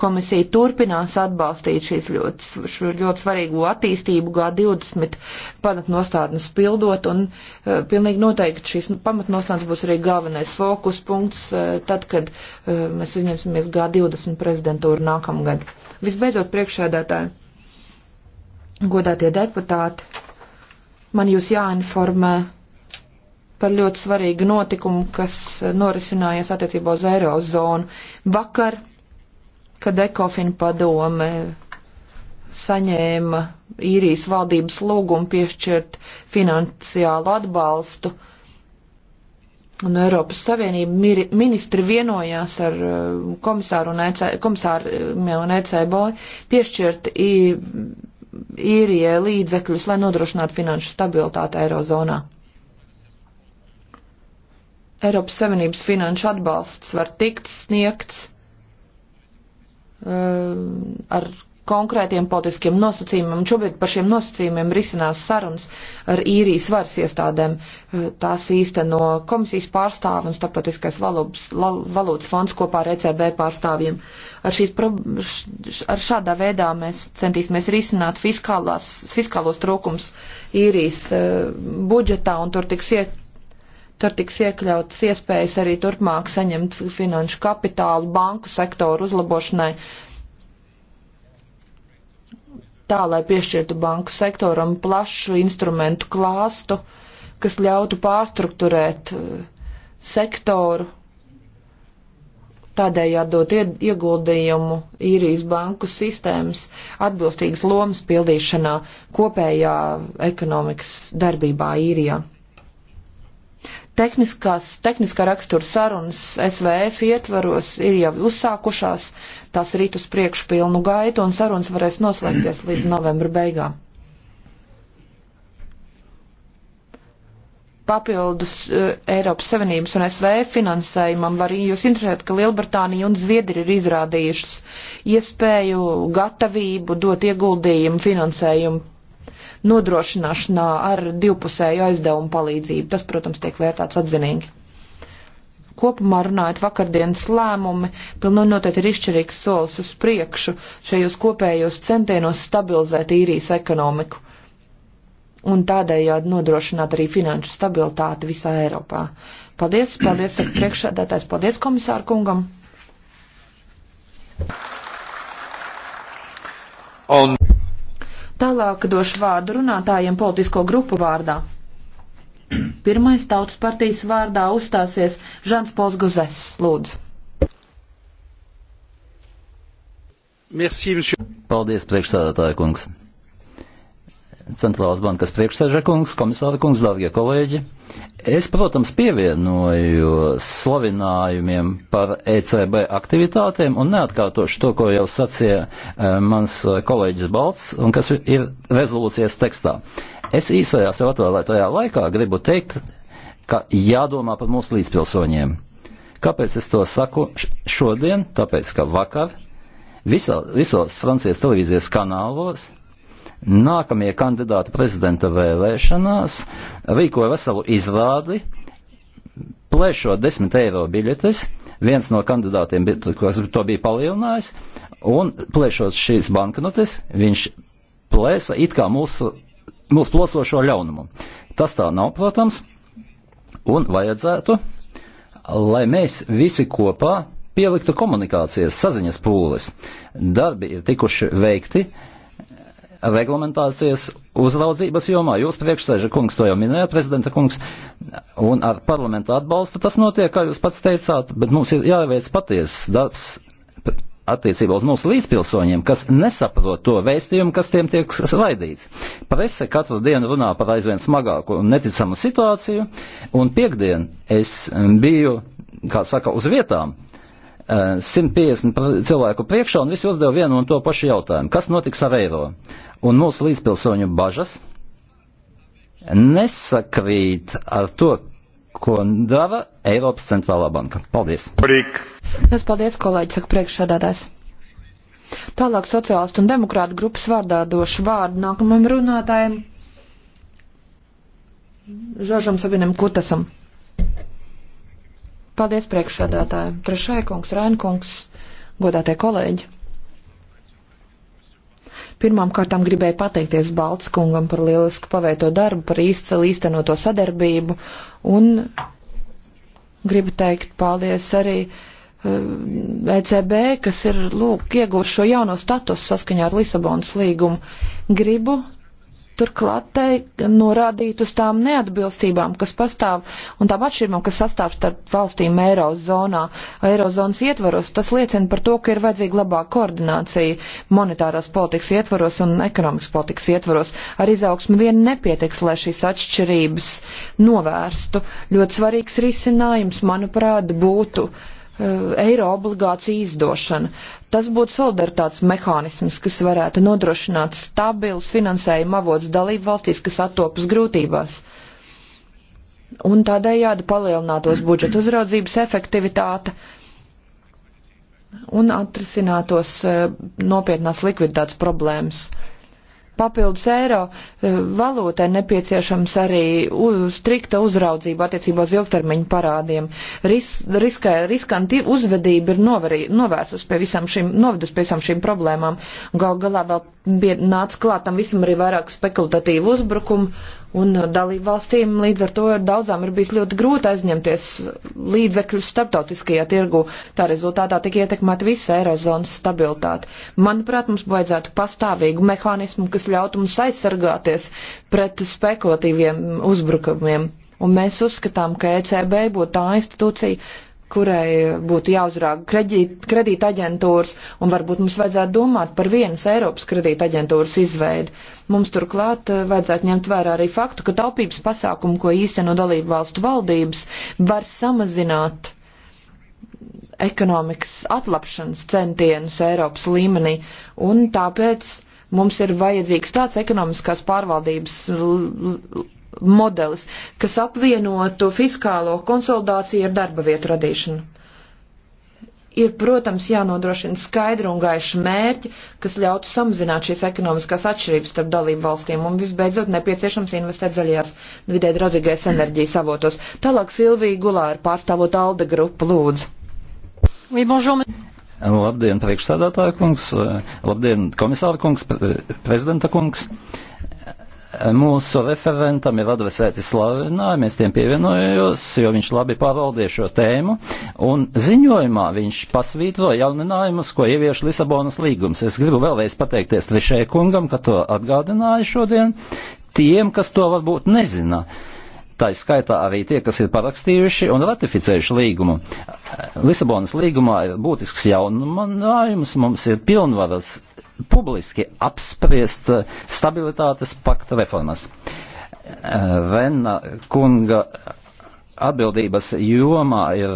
Komisija turpinās atbalstīt šīs ļoti, šo ļoti svarīgo attīstību G20 pamatnostādnes pildot, un uh, pilnīgi noteikti šīs pamatnostādnes būs arī galvenais fokus punkts, uh, tad, kad uh, mēs uzņemsimies G20 prezidentūru nākamgad. Visbeidzot, priekšsēdētāji, godātie deputāti, man jūs jāinformē par ļoti svarīgu notikumu, kas norisinājies attiecībā uz Eirozonu. Vakar kad Ekofina padome saņēma īrijas valdības lūgumu piešķirt finansiālu atbalstu. Un Eiropas Savienība ministri vienojās ar uh, komisāru un EC, komisāriem un ECB piešķirt īrijai līdzekļus, lai nodrošinātu finanšu stabilitāti Eirozonā. Eiropas Savienības finanšu atbalsts var tikt sniegts Eh, ar konkrētiem politiskiem nosacījumiem. Šobrīd par šiem nosacījumiem risinās sarunas ar īrijas varas iestādēm. Eh, tās īsteno komisijas pārstāvi un starptautiskais valūtas, valūtas fonds kopā ar ECB pārstāvjiem. Ar, šīs, ar šādā veidā mēs centīsimies risināt fiskālās, fiskālos trūkums īrijas eh, budžetā un tur tiks iet Tur tiks iekļautas iespējas arī turpmāk saņemt finanšu kapitālu banku sektoru uzlabošanai, tā lai piešķirtu banku sektoram plašu instrumentu klāstu, kas ļautu pārstruktūrēt eh, sektoru, tādējādi dot ieguldījumu īrijas banku sistēmas atbilstīgas lomas pildīšanā kopējā ekonomikas darbībā īrijā. Tehniskās, tehniskā rakstura sarunas SVF ietvaros ir jau uzsākušās, tās rīt uz priekšu pilnu gaitu un sarunas varēs noslēgties līdz novembra beigām. papildus uh, Eiropas Savienības un SVF finansējumam var jūs interesēt, ka Lielbritānija un Zviedri ir izrādījušas iespēju, gatavību dot ieguldījumu finansējumu nodrošināšanā ar divpusēju aizdevumu palīdzību. Tas, protams, tiek vērtāts atzinīgi. Kopumā runājot, vakardienas lēmumi pilnīgi noteikti ir izšķirīgs solis uz priekšu šajos kopējos centienos stabilizēt īrijas ekonomiku un tādējādi nodrošināt arī finanšu stabilitāti visā Eiropā. Paldies, paldies, priekšsēdētājs, paldies komisāru kungam. On. Tālāk došu vārdu runātājiem politisko grupu vārdā. Pirmais tautas partijas vārdā uzstāsies Žans Pols Guzes. Lūdzu. Merci, monsieur. Paldies, priekšstādātāja kungs. Centrālās bankas priekšsēža kungs, komisāra kungs, dārgie kolēģi. Es, protams, pievienoju slavinājumiem par ECB aktivitātēm un neatkārtošu to, ko jau sacīja eh, mans eh, kolēģis Balts un kas ir rezolūcijas tekstā. Es īsajā sev atvēlētajā laikā gribu teikt, ka jādomā par mūsu līdzpilsoņiem. Kāpēc es to saku šodien? Tāpēc, ka vakar visā, visos Francijas televīzijas kanālos Nākamie kandidāti prezidenta vēlēšanās rīkoja veselu izrādi, plēšot desmit eiro biļetes, viens no kandidātiem, kas to bija palielinājis, un plēšot šīs banknotes, viņš plēsa it kā mūsu, mūsu plosošo ļaunumu. Tas tā nav, protams, un vajadzētu, lai mēs visi kopā pieliktu komunikācijas saziņas pūles. Darbi ir tikuši veikti, uh, reglamentācijas uzraudzības jomā. Jūs priekšsēža kungs to jau minēja, prezidenta kungs, un ar parlamentu atbalstu tas notiek, kā jūs pats teicāt, bet mums ir jāveic patiesas darbs attiecībā uz mūsu līdzpilsoņiem, kas nesaprot to vēstījumu, kas tiem tiek raidīts. Prese katru dienu runā par aizvien smagāku un neticamu situāciju, un piekdien es biju, kā saka, uz vietām 150 eh, cilvēku priekšā, un visi uzdeva vienu un to pašu jautājumu. Kas notiks ar eiro? un mūsu līdzpilsoņu bažas nesakrīt ar to, ko dara Eiropas centrālā banka. Paldies! Prīk. Es paldies, kolēģi, saka priekšsādātājs. Tālāk sociālistu un demokrātu grupas vārdā došu vārdu nākamajam runātājam. Žožam Sabinam Kutasam. Paldies priekšsādātājiem. Trešai kungs, Rainkungs, godātie kolēģi. Pirmām kārtām gribēju pateikties Balts kungam par lielisku paveikto darbu, par izceli īstenoto sadarbību un gribu teikt paldies arī ECB, eh, e kas ir, lūk, ieguvuši šo jauno statusu saskaņā ar Lisabonas līgumu. Gribu turklāt te norādīt uz tām neatbilstībām, kas pastāv un tām atšķirībām, kas sastāv starp valstīm Eirozonā, Eirozonas ietvaros. Tas liecina par to, ka ir vajadzīga labāka koordinācija monetārās politikas ietvaros un ekonomikas politikas ietvaros. Ar izaugsmu vien nepietiks, lai šīs atšķirības novērstu. Ļoti svarīgs risinājums, manuprāt, būtu. Uh, Eh, eiro obligāciju izdošana. Tas būtu solidaritātes mehānisms, kas varētu nodrošināt stabilus finansējuma avots dalību valstīs, kas attopas grūtībās. Un tādējādi palielinātos budžeta uzraudzības efektivitāte un atrisinātos eh, nopietnās likviditātes problēmas papildus eiro eh, valūtai nepieciešams arī strikta uzraudzība attiecībā uz ilgtermiņu parādiem. Ris, riska, riskanti uzvedība ir novarī, novērsus pie visam šim, novedus pie visam šim problēmām. Gal galā vēl bija nāca klāt tam visam arī vairāk spekulatīvu uzbrukumu, un eh, dalību valstīm līdz ar to ir daudzām ir bijis ļoti grūti aizņemties līdzekļus starptautiskajā tirgu. Tā rezultātā tika ietekmēta visa eirozonas stabilitāte. Manuprāt, mums vajadzētu pastāvīgu mehānismu, kas ļautu mums aizsargāties pret spekulatīviem uzbrukumiem. Un mēs uzskatām, ka ECB būtu tā institūcija, kurai būtu jāuzrāga kredīt, kredīta aģentūras, un varbūt mums vajadzētu domāt par vienas Eiropas kredīta aģentūras izveidi. Mums turklāt eh, vajadzētu ņemt vērā arī faktu, ka taupības pasākumu, ko īsteno dalību valstu valdības, var samazināt ekonomikas atlapšanas centienus Eiropas līmenī, un tāpēc Mums ir vajadzīgs tāds ekonomiskās pārvaldības modelis, kas apvienotu fiskālo konsolidāciju ar darba vietu radīšanu. Ir, protams, jānodrošina skaidra un gaiša mērķi, kas ļautu samazināt šīs ekonomiskās atšķirības starp dalību valstīm un, visbeidzot, nepieciešams investēt zaļajās vidē draudzīgais enerģijas avotos. Tālāk Silvija Gulā ir pārstāvot Alde grupu lūdzu. Oui, bonjour. Labdien, priekšsādātāja kungs, eh, labdien, komisāra kungs, prezidenta kungs. Mūsu referentam ir adresēti slavinājumi, es tiem pievienojos, jo viņš labi pārvaldīja šo tēmu, un ziņojumā viņš pasvītro jauninājumus, ko ievieš Lisabonas līgums. Es gribu vēlreiz pateikties Trišē kungam, ka to atgādināja šodien, tiem, kas to varbūt nezina. Uh, tā skaitā arī tie, kas ir parakstījuši un ratificējuši līgumu. Lisabonas līgumā ir būtisks jauninājums, mums ir pilnvaras publiski apspriest stabilitātes pakta reformas. Venna kunga atbildības jomā ir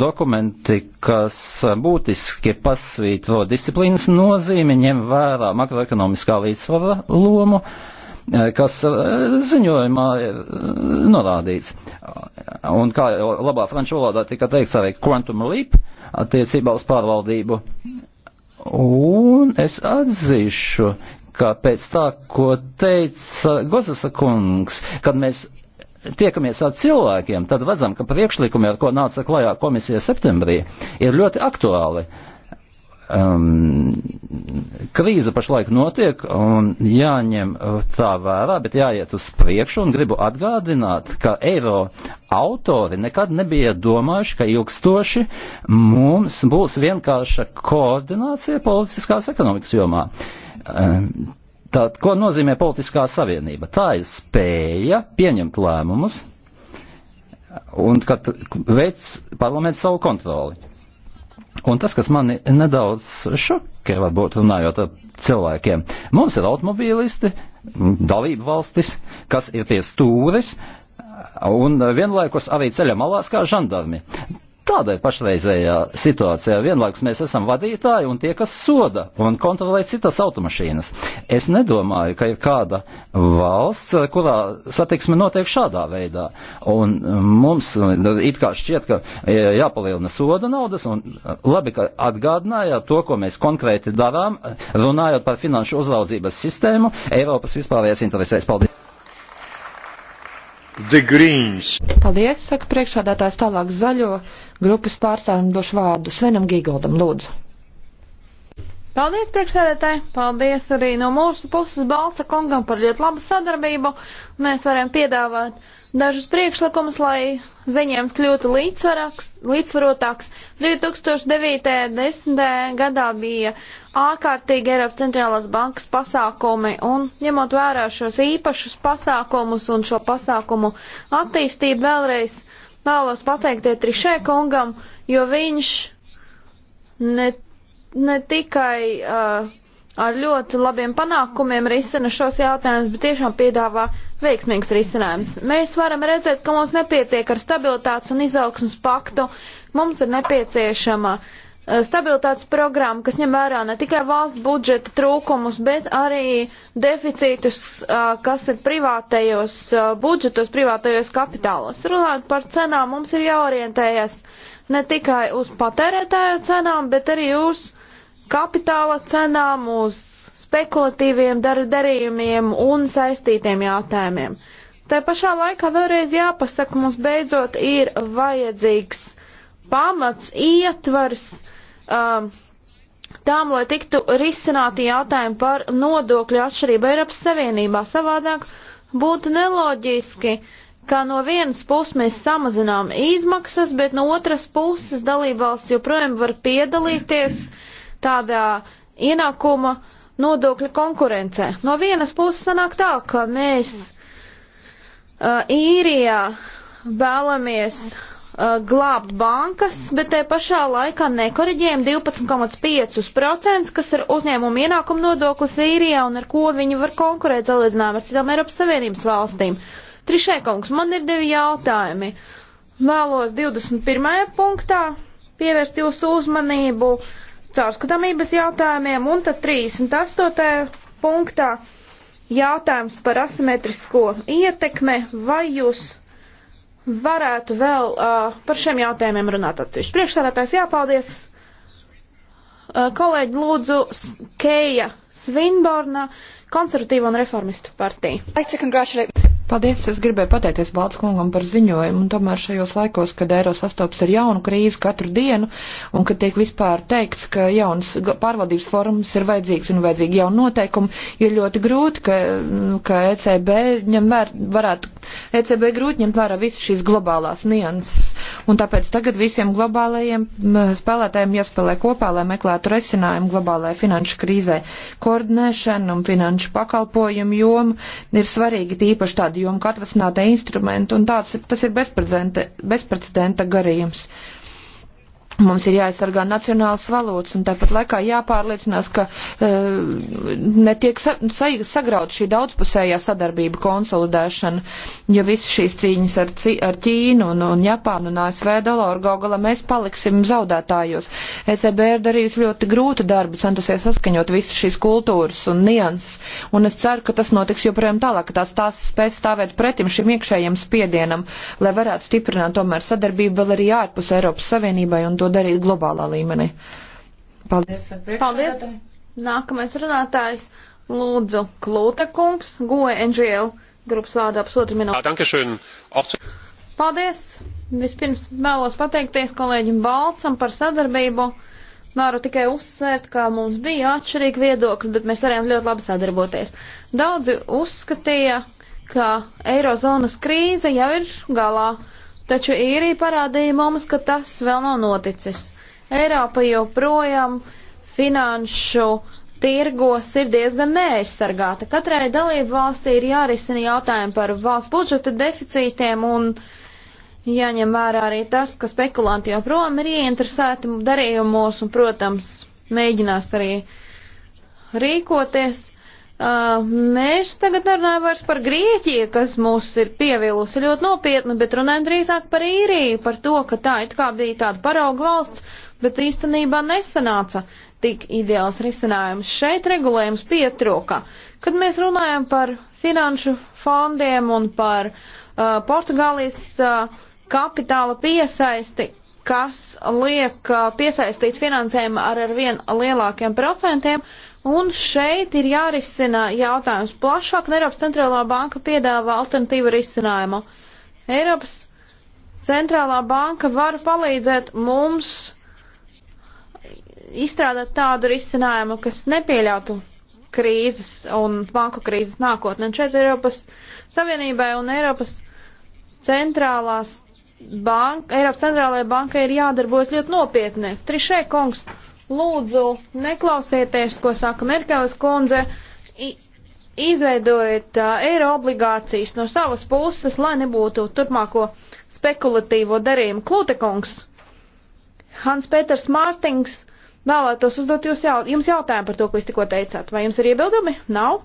dokumenti, kas būtiski pasvītro disciplīnas nozīmi, ņem vērā makroekonomiskā līdzsvara lomu, uh, Eh, kas eh, ziņojumā ir eh, norādīts. Un kā jau labā franču valodā tika teikts arī quantum leap attiecībā uz pārvaldību. Un es atzīšu, ka pēc tā, ko teica Gozasa kungs, kad mēs tiekamies ar cilvēkiem, tad redzam, ka priekšlikumi, ar ko nāca klajā komisija septembrī, ir ļoti aktuāli. Uh, um, krīze pašlaik notiek un jāņem uh, tā vērā, bet jāiet uz priekšu un gribu atgādināt, ka eiro autori nekad nebija domājuši, ka ilgstoši mums būs vienkārša koordinācija politiskās ekonomikas jomā. Um, Tātad, ko nozīmē politiskā savienība? Tā ir spēja pieņemt lēmumus un kad veic parlaments savu kontroli. Un tas, kas mani nedaudz šokē, varbūt runājot ar cilvēkiem, mums ir automobīlisti, dalība valstis, kas ir pie stūres, un vienlaikus arī ceļa malās kā žandarmi tādai pašreizējā situācijā vienlaikus mēs esam vadītāji un tie, kas soda un kontrolē citas automašīnas. Es nedomāju, ka ir kāda valsts, kurā satiksme notiek šādā veidā. Un mums it kā šķiet, ka e, jāpalielina soda naudas un e, labi, ka atgādinājāt to, ko mēs konkrēti darām, runājot par finanšu uzraudzības sistēmu Eiropas vispārējais interesēs. Paldies! Paldies, saka priekšādātājs tālāk zaļo grupas pārstāvjiem došu vārdu Svenam Gīgoldam, lūdzu. Paldies, priekšsēdētāji! Paldies arī no mūsu puses Balca kungam par ļoti labu sadarbību. Mēs varam piedāvāt dažus priekšlikumus, lai ziņojums kļūtu līdzsvarotāks. 2009.10. gadā bija ārkārtīgi Eiropas centrālās bankas pasākumi, un ņemot vērā šos īpašus pasākumus un šo pasākumu attīstību vēlreiz vēlos pateikties Trišē kungam, jo viņš ne, ne tikai uh, ar ļoti labiem panākumiem risina šos jautājumus, bet tiešām piedāvā veiksmīgs risinājums. Mēs varam redzēt, ka mums nepietiek ar stabilitātes un izaugsmas paktu, mums ir nepieciešama uh, Eh, stabilitātes programmu, kas ņem vērā ne tikai valsts budžeta trūkumus, bet arī deficītus, eh, kas ir privātajos eh, budžetos, privātajos kapitālos. Runājot par cenām, mums ir jāorientējas ne tikai uz patērētāju cenām, bet arī uz kapitāla cenām, uz spekulatīviem darījumiem un saistītiem jautājumiem. Tā pašā laikā vēlreiz jāpasaka, mums beidzot ir vajadzīgs pamats, ietvars, uh, um, tām, lai tiktu risināti jautājumi par nodokļu atšķirību Eiropas Savienībā. Savādāk būtu neloģiski, ka no vienas puses mēs samazinām izmaksas, bet no otras puses dalībvalsts joprojām var piedalīties tādā ienākuma nodokļa konkurencē. No vienas puses sanāk tā, ka mēs uh, īrijā vēlamies Uh, glābt bankas, bet te pašā laikā nekoreģējam 12,5%, kas ir uzņēmuma ienākuma nodoklis īrijā un ar ko viņi var konkurēt salīdzinājumā ar citām Eiropas Savienības valstīm. Trišē kungs, man ir divi jautājumi. Vēlos 21. punktā pievērst jūsu uzmanību caurskatāmības jautājumiem un tad 38. punktā jautājums par asimetrisko ietekme vai jūs varētu vēl uh, par šiem jautājumiem runāt atsevišķi. Priekšsēdētājs jāpaldies. Uh, kolēģi lūdzu Keija Svinborna, konservatīva un reformistu partija. Paldies, es gribēju pateikties Balts kungam par ziņojumu, un tomēr šajos laikos, kad eiro sastopas ar jaunu krīzi katru dienu, un kad tiek vispār teikts, ka jaunas pārvaldības formas ir vajadzīgs un vajadzīgi jauni noteikumi, ir ļoti grūti, ka, ka ECB ņem vēr, varētu ECB grūti ņemt vērā visas šīs globālās nianses. Un tāpēc tagad visiem globālajiem spēlētājiem jāspēlē kopā, lai meklētu resinājumu globālajai finanšu krīzē. Koordinēšana un finanšu pakalpojumu joma ir svarīga, tīpaši tāda joma, kā atvasinātie instrumenti, un tāds, tas ir bezprecedenta garījums. Mums ir jāaizsargā nacionāls valodas un tāpat laikā jāpārliecinās, ka e, netiek sa sa sagraut šī daudzpusējā sadarbība konsolidēšana, jo visas šīs cīņas ar, ar Ķīnu un, un Japānu un ASV dolāru gaugala mēs paliksim zaudētājos. ECB ir darījusi ļoti grūtu darbu, centusies saskaņot visas šīs kultūras un nianses, un es ceru, ka tas notiks joprojām tālāk, ka tās tās spēs stāvēt pretim šim iekšējiem spiedienam, lai varētu stiprināt tomēr sadarbību vēl arī ārpus Eiropas Savienībai un to to darīt globālā līmenī. Paldies! Paldies! Nākamais runātājs Lūdzu Klūta kungs, Goe NGL grupas vārdā pusotru minūtu. Paldies! Vispirms vēlos pateikties kolēģim Balcam par sadarbību. Varu tikai uzsvērt, ka mums bija atšķirīgi viedokļi, bet mēs varējām ļoti labi sadarboties. Daudzi uzskatīja, ka eirozonas krīze jau ir galā Taču īrija parādīja mums, ka tas vēl nav noticis. Eiropa joprojām finanšu tirgos ir diezgan neaizsargāta. Katrai dalību valstī ir jārisina jautājumi par valsts budžeta deficītiem un jāņem vērā arī tas, ka spekulanti joprojām ir ieinteresēti darījumos un, protams, mēģinās arī rīkoties. Uh, mēs tagad nerunājam vairs par Grieķiju, kas mūs ir pievilusi ļoti nopietni, bet runājam drīzāk par īriju, par to, ka tā it kā bija tāda parauga valsts, bet īstenībā nesanāca tik ideāls risinājums. Šeit regulējums pietrūka. Kad mēs runājam par finanšu fondiem un par uh, Portugālijas uh, kapitāla piesaisti, kas liek uh, piesaistīt finansējumu ar arvien lielākiem procentiem, un šeit ir jārisina jautājums plašāk, un Eiropas centrālā banka piedāvā alternatīvu risinājumu. Eiropas centrālā banka var palīdzēt mums izstrādāt tādu risinājumu, kas nepieļautu krīzes un banku krīzes nākotnē. Un šeit Eiropas Savienībai un Eiropas centrālās banka, Eiropas centrālajai bankai ir jādarbojas ļoti nopietni. Trišē kungs, lūdzu, neklausieties, ko saka Merkeles kundze, I, izveidojiet uh, eiro obligācijas no savas puses, lai nebūtu turpmāko spekulatīvo darījumu. Klūte kungs, Hans Peters Mārtings vēlētos uzdot jūs jau, jums jautājumu par to, ko jūs tikko teicāt. Vai jums ir iebildumi? Nav?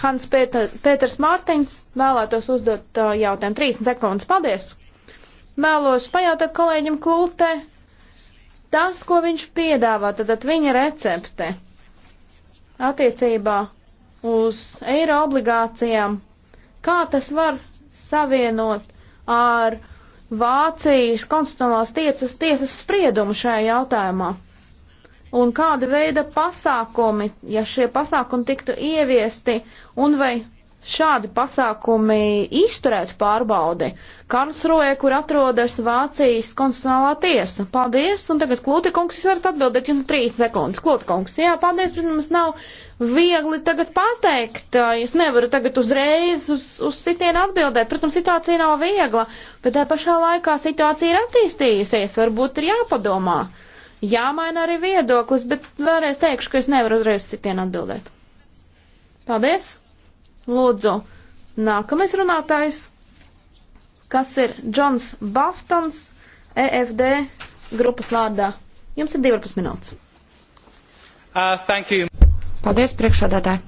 Hans Pēter, Pēters Mārtiņš vēlētos uzdot uh, jautājumu. 30 sekundes, paldies! Vēlos pajautāt kolēģim Klūtē, tas, ko viņš piedāvā, tad viņa recepte attiecībā uz eiro obligācijām, kā tas var savienot ar Vācijas konstitucionālās tiesas, tiesas spriedumu šajā jautājumā un kāda veida pasākumi, ja šie pasākumi tiktu ieviesti, un vai šādi pasākumi izturētu pārbaudi. Karlsroē, kur atrodas Vācijas konstitucionālā tiesa. Paldies, un tagad Klūtikungs, jūs varat atbildēt, jums trīs sekundes. Klūtikungs, jā, paldies, bet mums nav viegli tagad pateikt. Es nevaru tagad uzreiz uz, uz sitienu atbildēt. Protams, situācija nav viegla, bet tā pašā laikā situācija ir attīstījusies, varbūt ir jāpadomā jāmaina arī viedoklis, bet vēlreiz teikšu, ka es nevaru uzreiz citien atbildēt. Paldies! Lūdzu, nākamais runātājs, kas ir Džons Baftons, EFD grupas vārdā. Jums ir 12 minūtes. Uh, Paldies, priekšādātāji!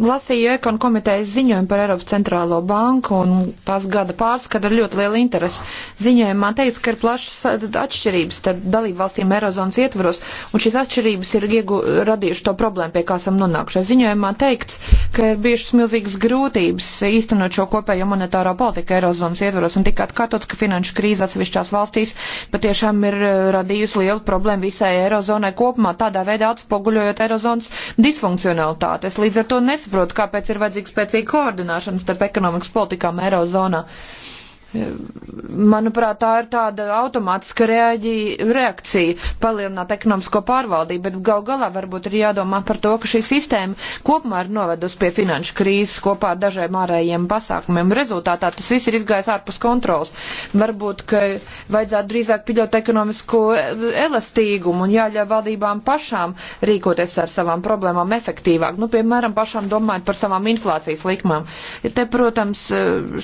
Lasīju ekonu komitejas ziņojumu par Eiropas centrālo banku un tās gada pārskatu ar ļoti lielu interesi. Ziņojumā teica, ka ir plašas atšķirības starp dalību valstīm Eirozonas ietvaros, un šīs atšķirības ir iegu, radījuši to problēmu, pie kā esam nonākuši. Ziņojumā teikts, ka ir bijušas milzīgas grūtības īstenot šo kopējo monetāro politiku Eirozonas ietvaros, un tika atkārtots, ka finanšu krīze atsevišķās valstīs patiešām ir eh, radījusi lielu problēmu visai Eirozonai kopumā, tādā veidā atspoguļojot Eirozonas disfunkcionalitātes. Līdz ar to nes nesaprotu, kāpēc ir vajadzīga spēcīga koordināšana starp ekonomikas politikām Eirozonā. Uh, Manuprāt, tā ir tāda automātiska reaģi, reakcija palielināt ekonomisko pārvaldību, bet gal galā varbūt ir jādomā par to, ka šī sistēma kopumā ir novedusi pie finanšu krīzes kopā ar dažiem ārējiem pasākumiem. Rezultātā tas viss ir izgājis ārpus kontrols. Varbūt, ka vajadzētu drīzāk pieļaut ekonomisko elastīgumu un jāļauj valdībām pašām rīkoties ar savām problēmām efektīvāk. Nu, piemēram, pašām domājot par savām inflācijas likmām. Te, protams,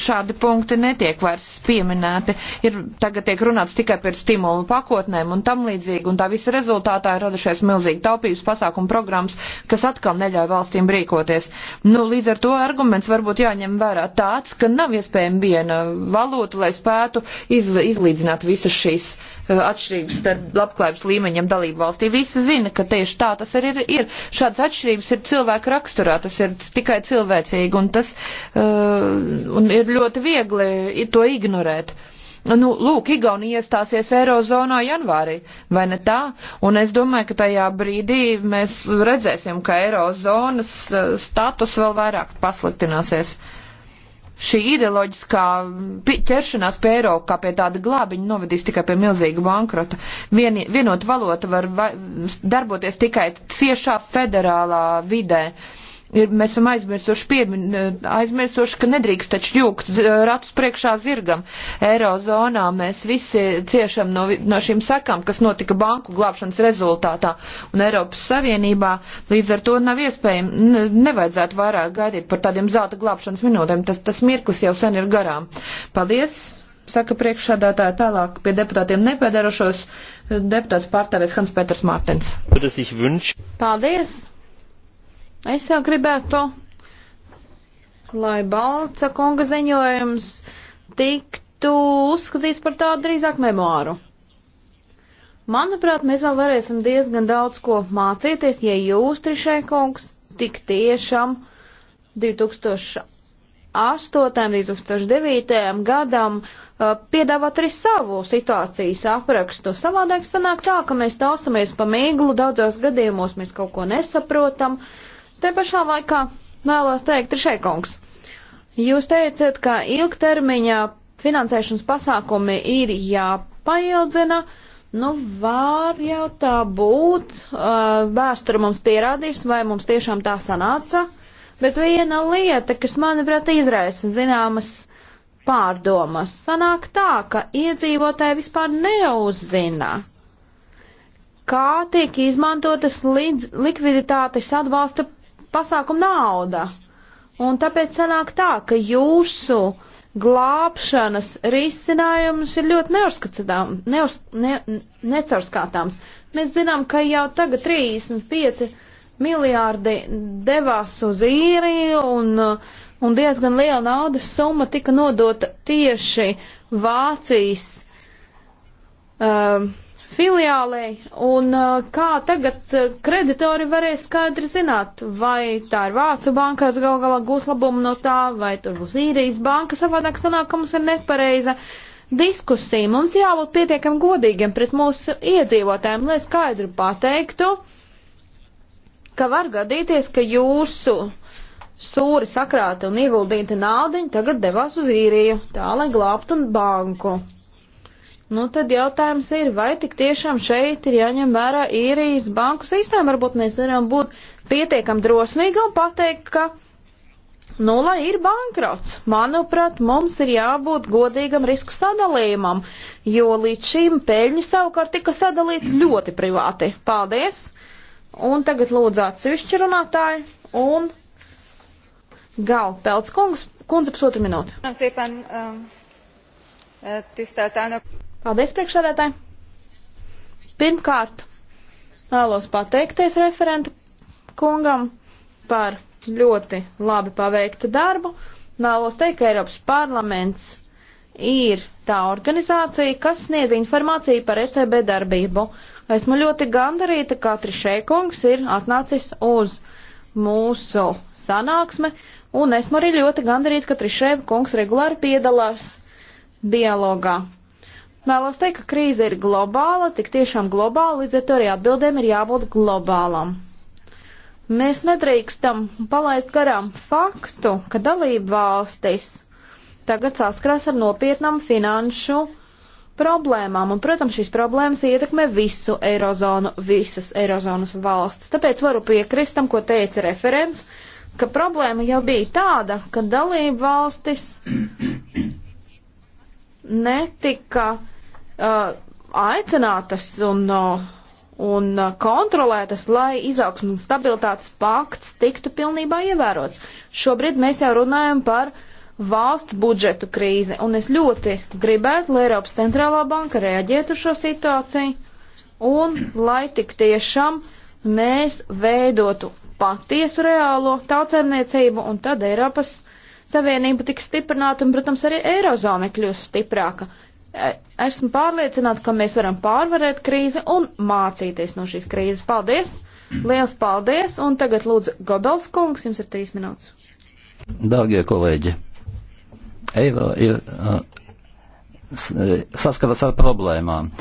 šādi punkti netiek vairs vairs pieminēti. Ir, tagad tiek runāts tikai par stimulu pakotnēm un tam līdzīgi, un tā visa rezultātā ir radušies milzīgi taupības pasākumu programmas, kas atkal neļauj valstīm rīkoties. Nu, līdz ar to arguments varbūt jāņem vērā tāds, ka nav iespējama viena valūta, lai spētu iz, izlīdzināt visas šīs uh, Eh, atšķirības starp labklājības līmeņiem dalību valstī. Visi zina, ka tieši tā tas arī ir. ir. Šādas atšķirības ir cilvēka raksturā, tas ir tikai cilvēcīgi, un tas eh, un ir ļoti viegli to ignorēt. Nu, lūk, Igaunija iestāsies Eirozonā janvārī, vai ne tā? Un es domāju, ka tajā brīdī mēs redzēsim, ka Eirozonas eh, status vēl vairāk pasliktināsies. Uh, šī ideoloģiskā ķeršanās pie Eiropa kā pie tāda glābiņa novedīs tikai pie milzīga bankrota. Vien, vienot valota var darboties tikai ciešā federālā vidē. Uh, ir, mēs esam aizmirsuši, piemin, eh, aizmirsuši, ka nedrīkst taču jūgt eh, ratus priekšā zirgam. Eirozonā mēs visi ciešam no, no šīm sekām, kas notika banku glābšanas rezultātā. Un Eiropas Savienībā līdz ar to nav iespējami, nevajadzētu vairāk gaidīt par tādiem zelta glābšanas minūtēm. Tas, tas mirklis jau sen ir garām. Paldies! Saka priekšādātāja tālāk pie deputātiem nepiedarošos eh, deputāts pārstāvēs Hans Peters Mārtens. Paldies! Es jau gribētu, lai Balca kunga ziņojums tiktu uzskatīts par tādu drīzāk memoāru. Manuprāt, mēs vēl varēsim diezgan daudz ko mācīties, ja jūs, Trišai kungs, tik tiešām 2008. 2009. gadam uh, piedāvāt arī savu situācijas aprakstu. Savādāk sanāk tā, ka mēs taustamies pa mīglu, daudzos gadījumos mēs kaut ko nesaprotam, uh, Te pašā laikā vēlos teikt, Trišēkungs, jūs teicat, ka ilgtermiņā finansēšanas pasākumi ir jāpaildzina. Nu, var jau tā būt. Vēsture mums pierādīs, vai mums tiešām tā sanāca. Bet viena lieta, kas manuprāt izraisa zināmas pārdomas, sanāk tā, ka iedzīvotāji vispār neuzzina, kā tiek izmantotas likviditātes atbalsta pasākuma nauda. Un tāpēc sanāk tā, ka jūsu glābšanas risinājums ir ļoti neuzskatāms. Neuz, ne, necaurskatāms. Mēs zinām, ka jau tagad 35 miljārdi devās uz īriju un, un diezgan liela naudas summa tika nodota tieši Vācijas. Um, uh, filiālei, un uh, kā tagad uh, kreditori varēs skaidri zināt, vai tā ir Vācu banka, kas gal galā gūs labumu no tā, vai tur būs īrijas banka, savādāk sanāk, ka mums ir nepareiza diskusija. Mums jābūt pietiekam godīgiem pret mūsu iedzīvotājiem, lai skaidri pateiktu, ka var gadīties, ka jūsu sūri sakrāta un ieguldīta naudiņa tagad devās uz īriju, tā lai glābtu banku. Nu, tad jautājums ir, vai tik tiešām šeit ir jāņem vērā īrijas banku sistēma? Varbūt mēs varam būt pietiekam drosmīgi un pateikt, ka, nu, lai ir bankrots. Manuprāt, mums ir jābūt godīgam risku sadalījumam, jo līdz šim peļņi savukārt tika sadalīti ļoti privāti. Paldies! Un tagad lūdzu atsevišķi runātāji un gal pelts kungs, kundze pusotru minūtu. Um, tisztelt elnök! Paldies, priekšsēdētāji! Pirmkārt, vēlos pateikties referenta kungam par ļoti labi paveiktu darbu. Vēlos teikt, ka Eiropas parlaments ir tā organizācija, kas sniedz informāciju par ECB darbību. Esmu ļoti gandarīta, ka Katrs Šeikungs ir atnācis uz mūsu sanāksme, un esmu arī ļoti gandarīta, ka Trišēva kungs regulāri piedalās dialogā Vēlos teikt, ka krīze ir globāla, tik tiešām globāla, līdz ar to arī atbildēm ir jābūt globālam. Mēs nedrīkstam palaist garām faktu, ka dalība valstis tagad saskarās ar nopietnām finanšu problēmām, un, protams, šīs problēmas ietekmē visu eirozonu, visas eirozonas valstis. Tāpēc varu piekrist tam, ko teica referents, ka problēma jau bija tāda, ka dalība valstis netika Uh, aicinātas un, uh, un uh, kontrolētas, lai izaugsmas un stabilitātes pakts tiktu pilnībā ievērots. Šobrīd mēs jau runājam par valsts budžetu krīzi, un es ļoti gribētu, lai Eiropas centrālā banka reaģētu uz šo situāciju, un lai tik tiešām mēs veidotu patiesu reālo tautsēmniecību, un tad Eiropas Savienība tiks stiprināta, un, protams, arī Eirozona kļūst stiprāka. Esmu pārliecināta, ka mēs varam pārvarēt krīzi un mācīties no šīs krīzes. Paldies! Liels paldies! Un tagad lūdzu Gobels kungs, jums ir trīs minūtes. Dārgie kolēģi, eiro ir uh, saskaras ar problēmām.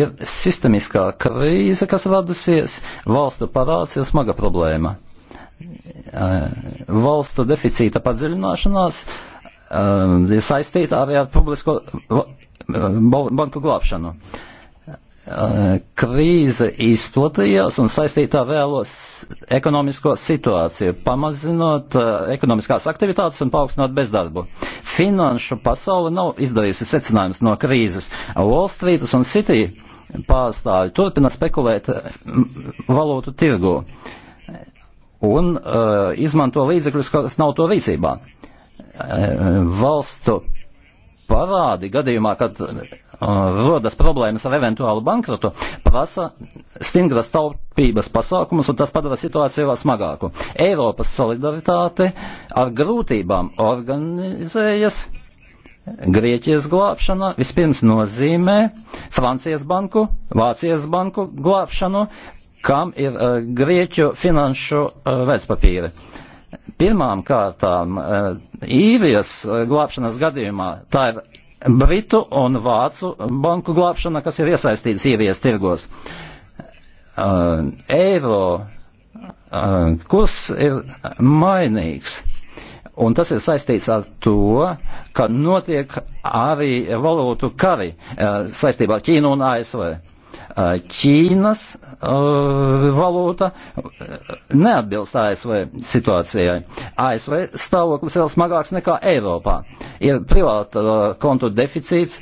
Ir sistemiskā krīze, kas radusies, valstu parāds ir smaga problēma. Uh, valstu deficīta padziļināšanās uh, ir saistīta arī ar publisko banku glābšanu. Eh, krīze izplatījās un saistītā vēlos ekonomisko situāciju, pamazinot eh, ekonomiskās aktivitātes un paaugstinot bezdarbu. Finanšu pasaule nav izdarījusi secinājumus no krīzes. Wall Streetas un City pārstāvji turpina spekulēt eh, valūtu tirgu un uh, izmanto līdzekļus, kas nav to rīcībā. Uh, valstu parādi gadījumā, kad uh, rodas problēmas ar eventuālu bankrotu, prasa stingras taupības pasākumus, un tas padara situāciju vēl smagāku. Eiropas solidaritāte ar grūtībām organizējas. Grieķijas glābšana vispirms nozīmē Francijas banku, Vācijas banku glābšanu, kam ir uh, grieķu finanšu uh, vērtspapīri. Uh, Pirmām kārtām eh, īrijas eh, glābšanas gadījumā tā ir Britu un Vācu banku glābšana, kas ir iesaistīts īrijas tirgos. Eh, eiro kurs ir mainīgs. Un tas ir saistīts ar to, ka notiek arī valūtu kari saistībā ar Ķīnu un ASV. Ķīnas valūta neatbilst ASV situācijai. ASV stāvoklis vēl smagāks nekā Eiropā. Ir privāta kontu deficīts.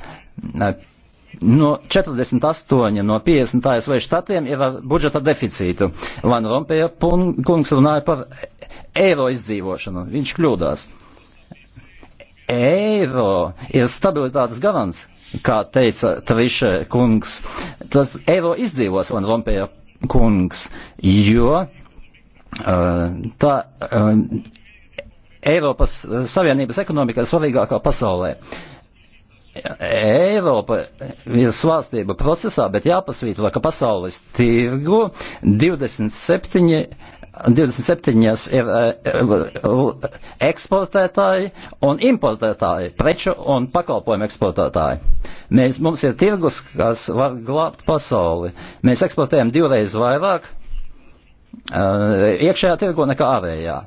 No 48 no 50 ASV štatiem ir ar budžeta deficītu. Van Rompēja kungs runāja par eiro izdzīvošanu. Viņš kļūdās. Eiro ir stabilitātes garants kā teica Trišē kungs, tas eiro izdzīvos un Rompēja kungs, jo uh, tā. Um, Eiropas Savienības ekonomika ir svarīgākā pasaulē. Eiropa ir svārstība procesā, bet jāpasvītro, ka pasaules tirgu 27 27 ir e, e, e, eksportētāji un importētāji, preču un pakalpojumu eksportētāji. Mēs, mums ir tirgus, kas var glābt pasauli. Mēs eksportējam divreiz vairāk iekšējā tirgu nekā ārējā.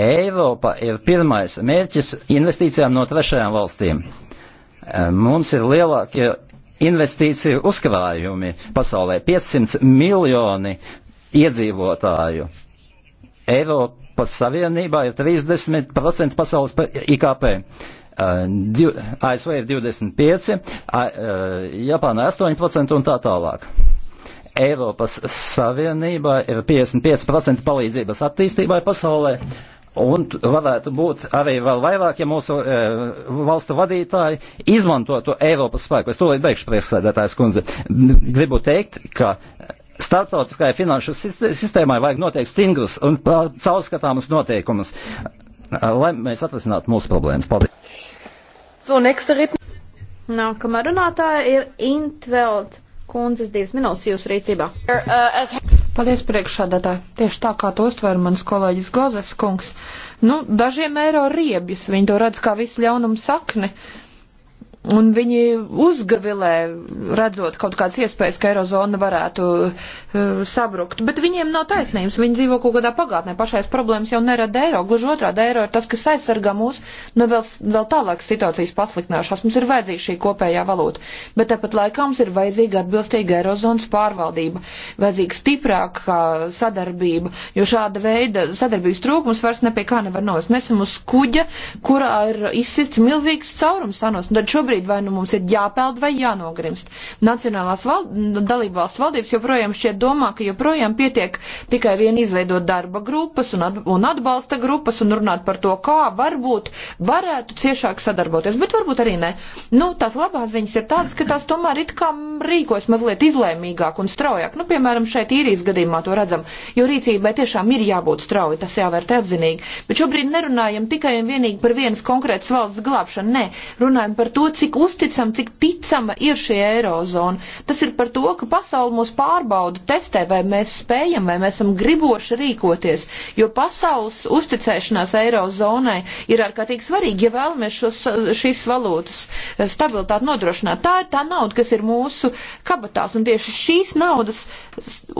Eiropa ir pirmais mērķis investīcijām no trešajām valstīm. Mums ir lielākie investīciju uzkrājumi pasaulē - 500 miljoni iedzīvotāju. Eiropas Savienībā ir 30% pasaules IKP. ASV ir 25, Japāna 8% un tā tālāk. Eiropas Savienībā ir 55% palīdzības attīstībai pasaulē, un varētu būt arī vēl vairāk, ja mūsu e, valstu vadītāji izmantotu Eiropas spēku. Es tūlīt beigšu priekšsēdētājs kundze. Gribu teikt, ka startautiskai finanšu sistēmai vajag noteikti stingrus un caurskatāmus noteikumus, lai mēs atrisinātu mūsu problēmas. Paldies! So, Nākamā runātāja ir Intveld kundzes divas minūtes jūsu rīcībā. Paldies priekšādātāji. Tieši tā kā to uztver mans kolēģis Gozes kungs. Nu, dažiem eiro riebjas, viņi to redz kā visu ļaunumu sakni. Uh, Un viņi uzgavilē, redzot kaut kādas iespējas, ka Eirozona varētu uh, sabrukt. Bet viņiem nav taisnības, viņi dzīvo kaut kādā pagātnē, pašais problēmas jau nerada eiro. Gluži otrādi eiro ir tas, kas aizsargā mūs no nu vēl, vēl tālākas situācijas pasliktināšanās. Mums ir vajadzīga šī kopējā valūta. Bet tāpat laikā mums ir vajadzīga atbilstīga Eirozonas pārvaldība, vajadzīga stiprāka sadarbība, jo šāda veida sadarbības trūkums vairs ne pie kā nevar novest. Mēs esam uz kuģa, kurā ir izsists milzīgs caurums sanos šobrīd vai nu mums ir jāpeld vai jānogrimst. Nacionālās val dalību valstu valdības joprojām šķiet domā, ka joprojām pietiek tikai vien izveidot darba grupas un, at un atbalsta grupas un runāt par to, kā varbūt varētu ciešāk sadarboties, bet varbūt arī ne. Nu, tās labās ziņas ir tādas, ka tās tomēr it kā rīkojas mazliet izlēmīgāk un straujāk. Nu, piemēram, šeit īrijas gadījumā to redzam, jo rīcībai tiešām ir jābūt strauji, tas jāvērtē atzinīgi. Bet šobrīd nerunājam tikai un vienīgi par vienas konkrētas valsts glābšanu, nē, runājam par to, cik uzticama, cik ticama ir šī eirozona. Tas ir par to, ka pasauli mūs pārbauda, testē, vai mēs spējam, vai mēs esam griboši rīkoties, jo pasaules uzticēšanās eirozonai ir ārkārtīgi svarīgi, ja vēlamies šos, šīs valūtas eh, stabilitāti nodrošināt. Tā ir tā nauda, kas ir mūsu kabatās, un tieši šīs naudas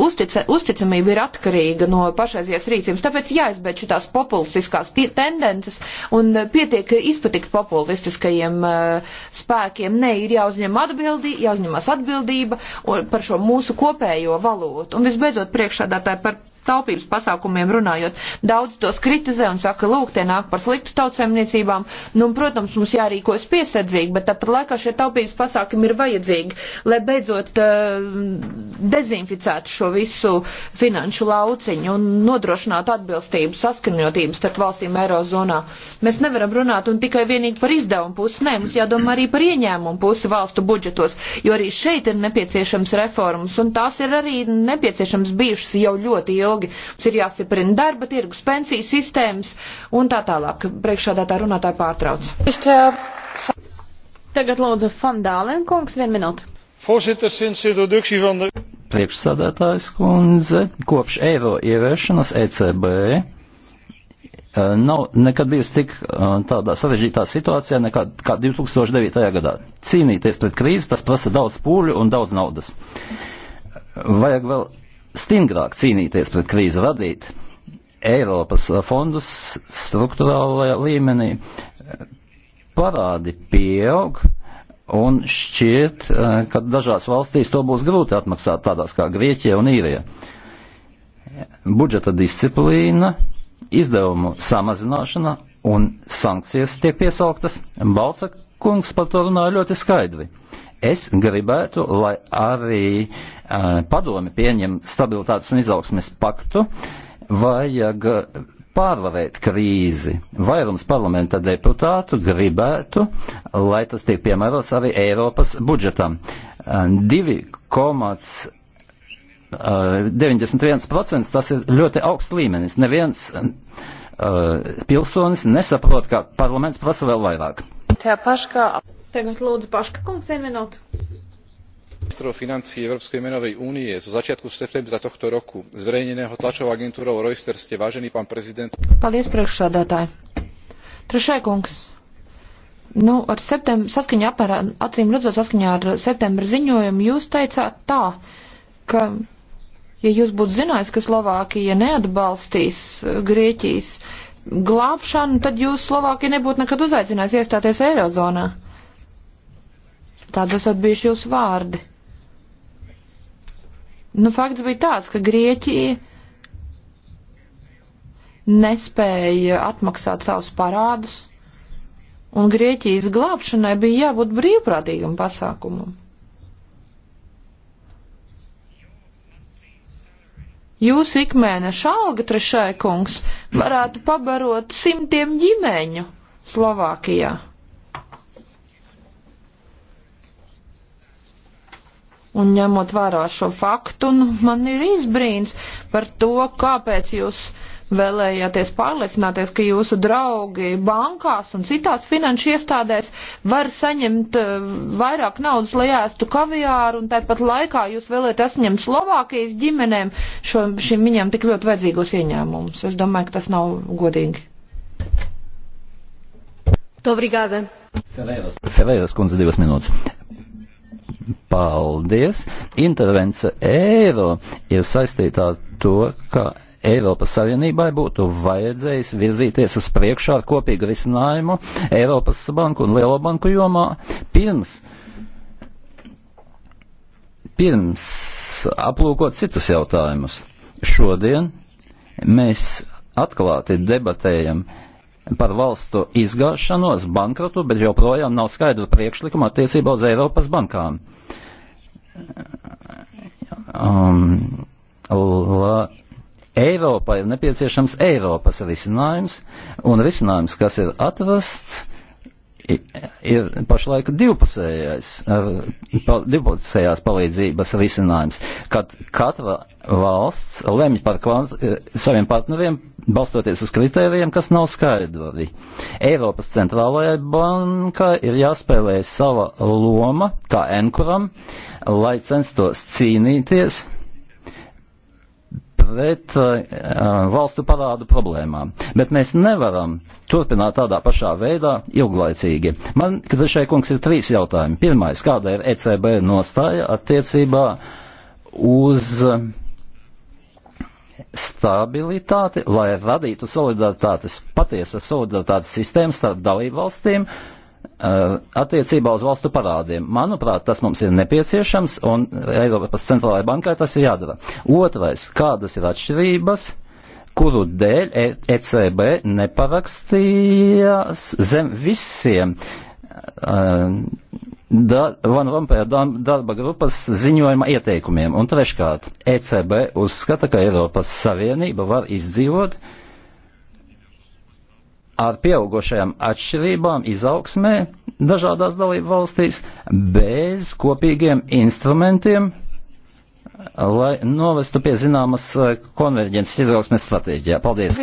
uztice, uzticamība ir atkarīga no pašreizies rīcības. Tāpēc jāizbeidz šitās populistiskās tendences un pietiek izpatikt populistiskajiem uh, spēkiem. Nē, ir jāuzņem atbildība, jāuzņemas atbildība par šo mūsu kopējo valūtu. Un visbeidzot priekšādātāji par taupības pasākumiem runājot. Daudz tos kritizē un saka, lūk, tie nāk par sliktu tautsēmniecībām. Nu, un, protams, mums jārīkojas piesardzīgi, bet tāpat laikā šie taupības pasākumi ir vajadzīgi, lai beidzot uh, dezinficētu šo visu finanšu lauciņu un nodrošinātu atbilstību, saskaņotību starp valstīm Eirozonā. Mēs nevaram runāt un tikai vienīgi par izdevumu pusi, nē, mums jādomā arī par ieņēmumu pusi valstu budžetos, jo arī šeit ir nepieciešams reformas, un tās ir arī nepieciešams bijušas jau ļoti ilgi dialogi, mums ir jāstiprina darba tirgus, pensiju sistēmas un tā tālāk. Priekšādā tā runātāja pārtrauc. Tagad lūdzu Fandālen kungs, vienu minūti. Voorzitter, sinds introductie van de. Priekšsādātājs kundze, kopš eiro ieviešanas ECB eh, nav nekad bijusi tik eh, tādā sarežģītā situācijā nekā kā 2009. gadā. Cīnīties pret krīzi, tas prasa daudz pūļu un daudz naudas. Vajag vēl stingrāk cīnīties pret krīzi, radīt Eiropas fondus struktūrālajā līmenī. Parādi pieaug, un šķiet, eh, ka dažās valstīs to būs grūti atmaksāt, tādās kā Grieķija un Īrija. Budžeta disciplīna, izdevumu samazināšana un sankcijas tiek piesauktas. Balca kungs par to runāja ļoti skaidri. Uh, Es gribētu, lai arī uh, padomi pieņem stabilitātes un izaugsmes paktu, vajag pārvarēt krīzi. Vairums parlamenta deputātu gribētu, lai tas tiek piemērots arī Eiropas budžetam. Uh, 2, 91% tas ir ļoti augsts līmenis. Neviens uh, pilsonis nesaprot, ka parlaments prasa vēl vairāk. Tā pašā Tagad lūdzu Paška kungs vienu minūtu. Ministrov financí Európskej menovej únie zo začiatku septembra tohto roku zverejneného tlačovou agentúrou Reuters ste, vážený pán prezident. Paldies, priekšsādātāji. Trešai kungs. Nu, ar septembra, saskaņā apmērā, acīm redzot, saskaņā ar septembra ziņojumu jūs teicāt tā, ka, ja jūs būtu zinājis, ka Slovākija neatbalstīs uh, Grieķijas glābšanu, tad jūs Slovākija nebūtu nekad uzaicinājis iestāties Eirozonā. Uh, Tāda esat bijuši jūsu vārdi. Nu, fakts bija tāds, ka Grieķija nespēja atmaksāt savus parādus, un Grieķijas glābšanai bija jābūt brīvprātīgam pasākumam. Jūsu ikmēneša alga, trešai kungs, varētu pabarot simtiem ģimeņu Slovākijā. Un ņemot vērā šo faktu, nu, man ir izbrīns par to, kāpēc jūs vēlējāties pārliecināties, ka jūsu draugi bankās un citās finanšu iestādēs var saņemt eh, vairāk naudas, lai ēstu kaviāru, un tāpat laikā jūs vēlēties ņemt Slovākijas ģimenēm šo, šim viņam tik ļoti vajadzīgos ieņēmumus. Es domāju, ka tas nav godīgi. Obrigada. Felējos kundze divas minūtes. Paldies! Intervence eiro ir saistītā ar to, ka Eiropas Savienībai būtu vajadzējis virzīties uz priekšu ar kopīgu risinājumu Eiropas banku un lielo banku jomā pirms, pirms aplūkot citus jautājumus. Šodien mēs atklāti debatējam uh, par valstu izgāšanos, bankrotu, bet joprojām nav skaidru priekšlikumu attiecībā uz Eiropas bankām. Um, la, Eiropā ir nepieciešams Eiropas risinājums, un risinājums, kas ir atrasts, ir pašlaik divpusējais, divpusējās palīdzības risinājums, kad katra valsts lemj par eh, saviem partneriem, balstoties uz kritērijiem, kas nav skaidri. Eiropas centrālajai bankai ir jāspēlē sava loma, kā enkuram, lai censtos cīnīties pret uh, valstu parādu problēmām. Bet mēs nevaram turpināt tādā pašā veidā ilglaicīgi. Man, kad šai kungs ir trīs jautājumi. Pirmais, kāda ir ECB nostāja attiecībā uz uh, stabilitāti, lai radītu solidaritātes, patiesa solidaritātes sistēmas starp dalību valstīm eh, attiecībā uz valstu parādiem. Manuprāt, tas mums ir nepieciešams, un Eiropas centrālajai bankai tas ir jādara. Otrais, kādas ir atšķirības, kuru dēļ ECB e neparakstījās zem visiem uh, da, Van Rompēja darba grupas ziņojuma ieteikumiem. Un treškārt, ECB uzskata, ka Eiropas Savienība var izdzīvot ar pieaugušajām atšķirībām izaugsmē dažādās dalību valstīs bez kopīgiem instrumentiem, lai novestu pie zināmas eh, konverģences izaugsmes stratēģijā. Paldies!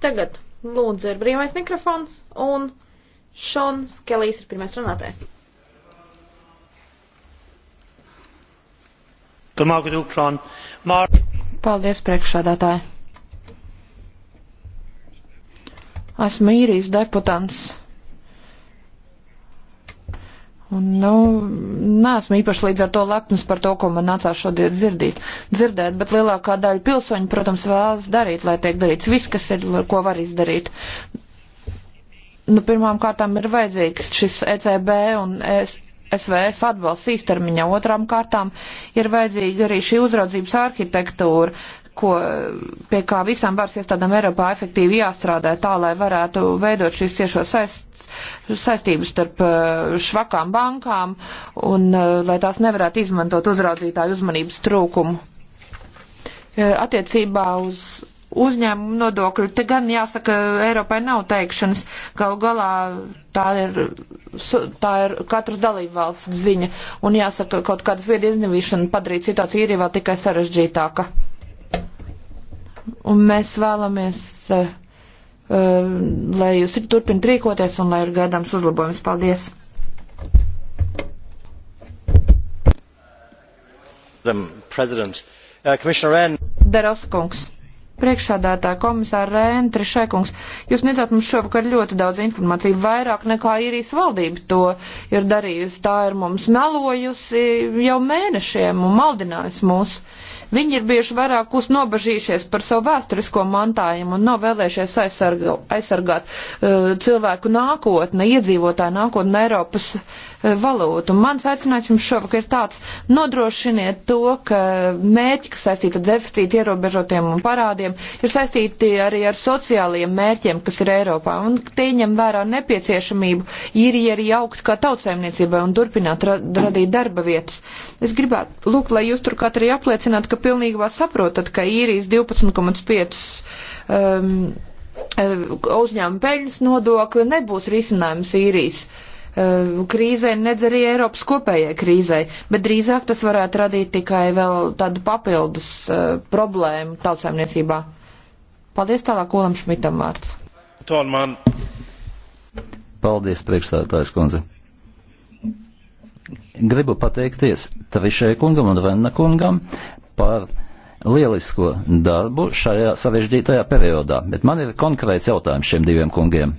Tagad lūdzu ir brīvais mikrofons un. Šons Kelijs ir pirmais runātājs. Paldies, priekšsādātāji. Esmu īrijas deputants. Un, nu, neesmu īpaši līdz ar to lepns par to, ko man nācās šodien dzirdīt, dzirdēt, bet lielākā daļa pilsoņu, protams, vēlas darīt, lai tiek darīts viss, kas ir, ko var izdarīt. Nu, pirmām kārtām ir vajadzīgs šis ECB un es, SVF atbalsts īstermiņā, otrām kārtām ir vajadzīga arī šī uzraudzības arhitektūra, ko, pie kā visām varas iestādām Eiropā efektīvi jāstrādā tā, lai varētu veidot šīs ciešo saist, saistības starp eh, švakām bankām un eh, lai tās nevarētu izmantot uzraudzītāju uzmanības trūkumu. Eh, attiecībā uz uzņēmumu nodokļu. Te gan jāsaka, Eiropai nav teikšanas. Galu galā tā ir, tā ir katras dalība valsts ziņa. Un jāsaka, kaut kādas viedi iznevīšana padarīt situāciju īrī vēl tikai sarežģītāka. Un mēs vēlamies, uh, uh, lai jūs ir turpināt rīkoties un lai ir gaidāms uzlabojums. Paldies! President. Uh, Commissioner N. Deros Kungs priekšsādātā komisāra Rēna Trišekungs, jūs niedzāt mums šovakar ļoti daudz informāciju, vairāk nekā īrijas valdība to ir darījusi. Tā ir mums melojusi jau mēnešiem un maldinājusi mūs. Viņi ir bieži vairāk uz nobažījušies par savu vēsturisko mantājumu un nav vēlējušies aizsarga, aizsargāt uh, cilvēku nākotni, iedzīvotāju nākotni Eiropas uh, valūtu. Mans aicinājums šovakar ir tāds, nodrošiniet to, ka mērķi, kas saistīti ar deficīti ierobežotiem un parādiem, ir saistīti arī ar sociālajiem mērķiem, kas ir Eiropā, un tie ņem vērā nepieciešamību īri arī augt kā tautsēmniecībai un turpināt ra radīt darba vietas. Es gribētu lūgt, lai jūs turklāt arī apliecināt, ka pilnībā saprotat, ka īrijas 12,5 um, uh, uzņēmuma peļņas nodokli nebūs risinājums īrijas uh, Eh, krīzē, nedz arī Eiropas kopējai krīzē, bet drīzāk tas varētu radīt tikai vēl tādu papildus eh, problēmu tautsēmniecībā. Paldies tālāk Olam Šmitam vārds. Talman. Paldies, priekšstādātājs kundze. Gribu pateikties Trišai kungam un Venna kungam par lielisko darbu šajā sarežģītajā periodā, bet man ir konkrēts jautājums šiem diviem kungiem.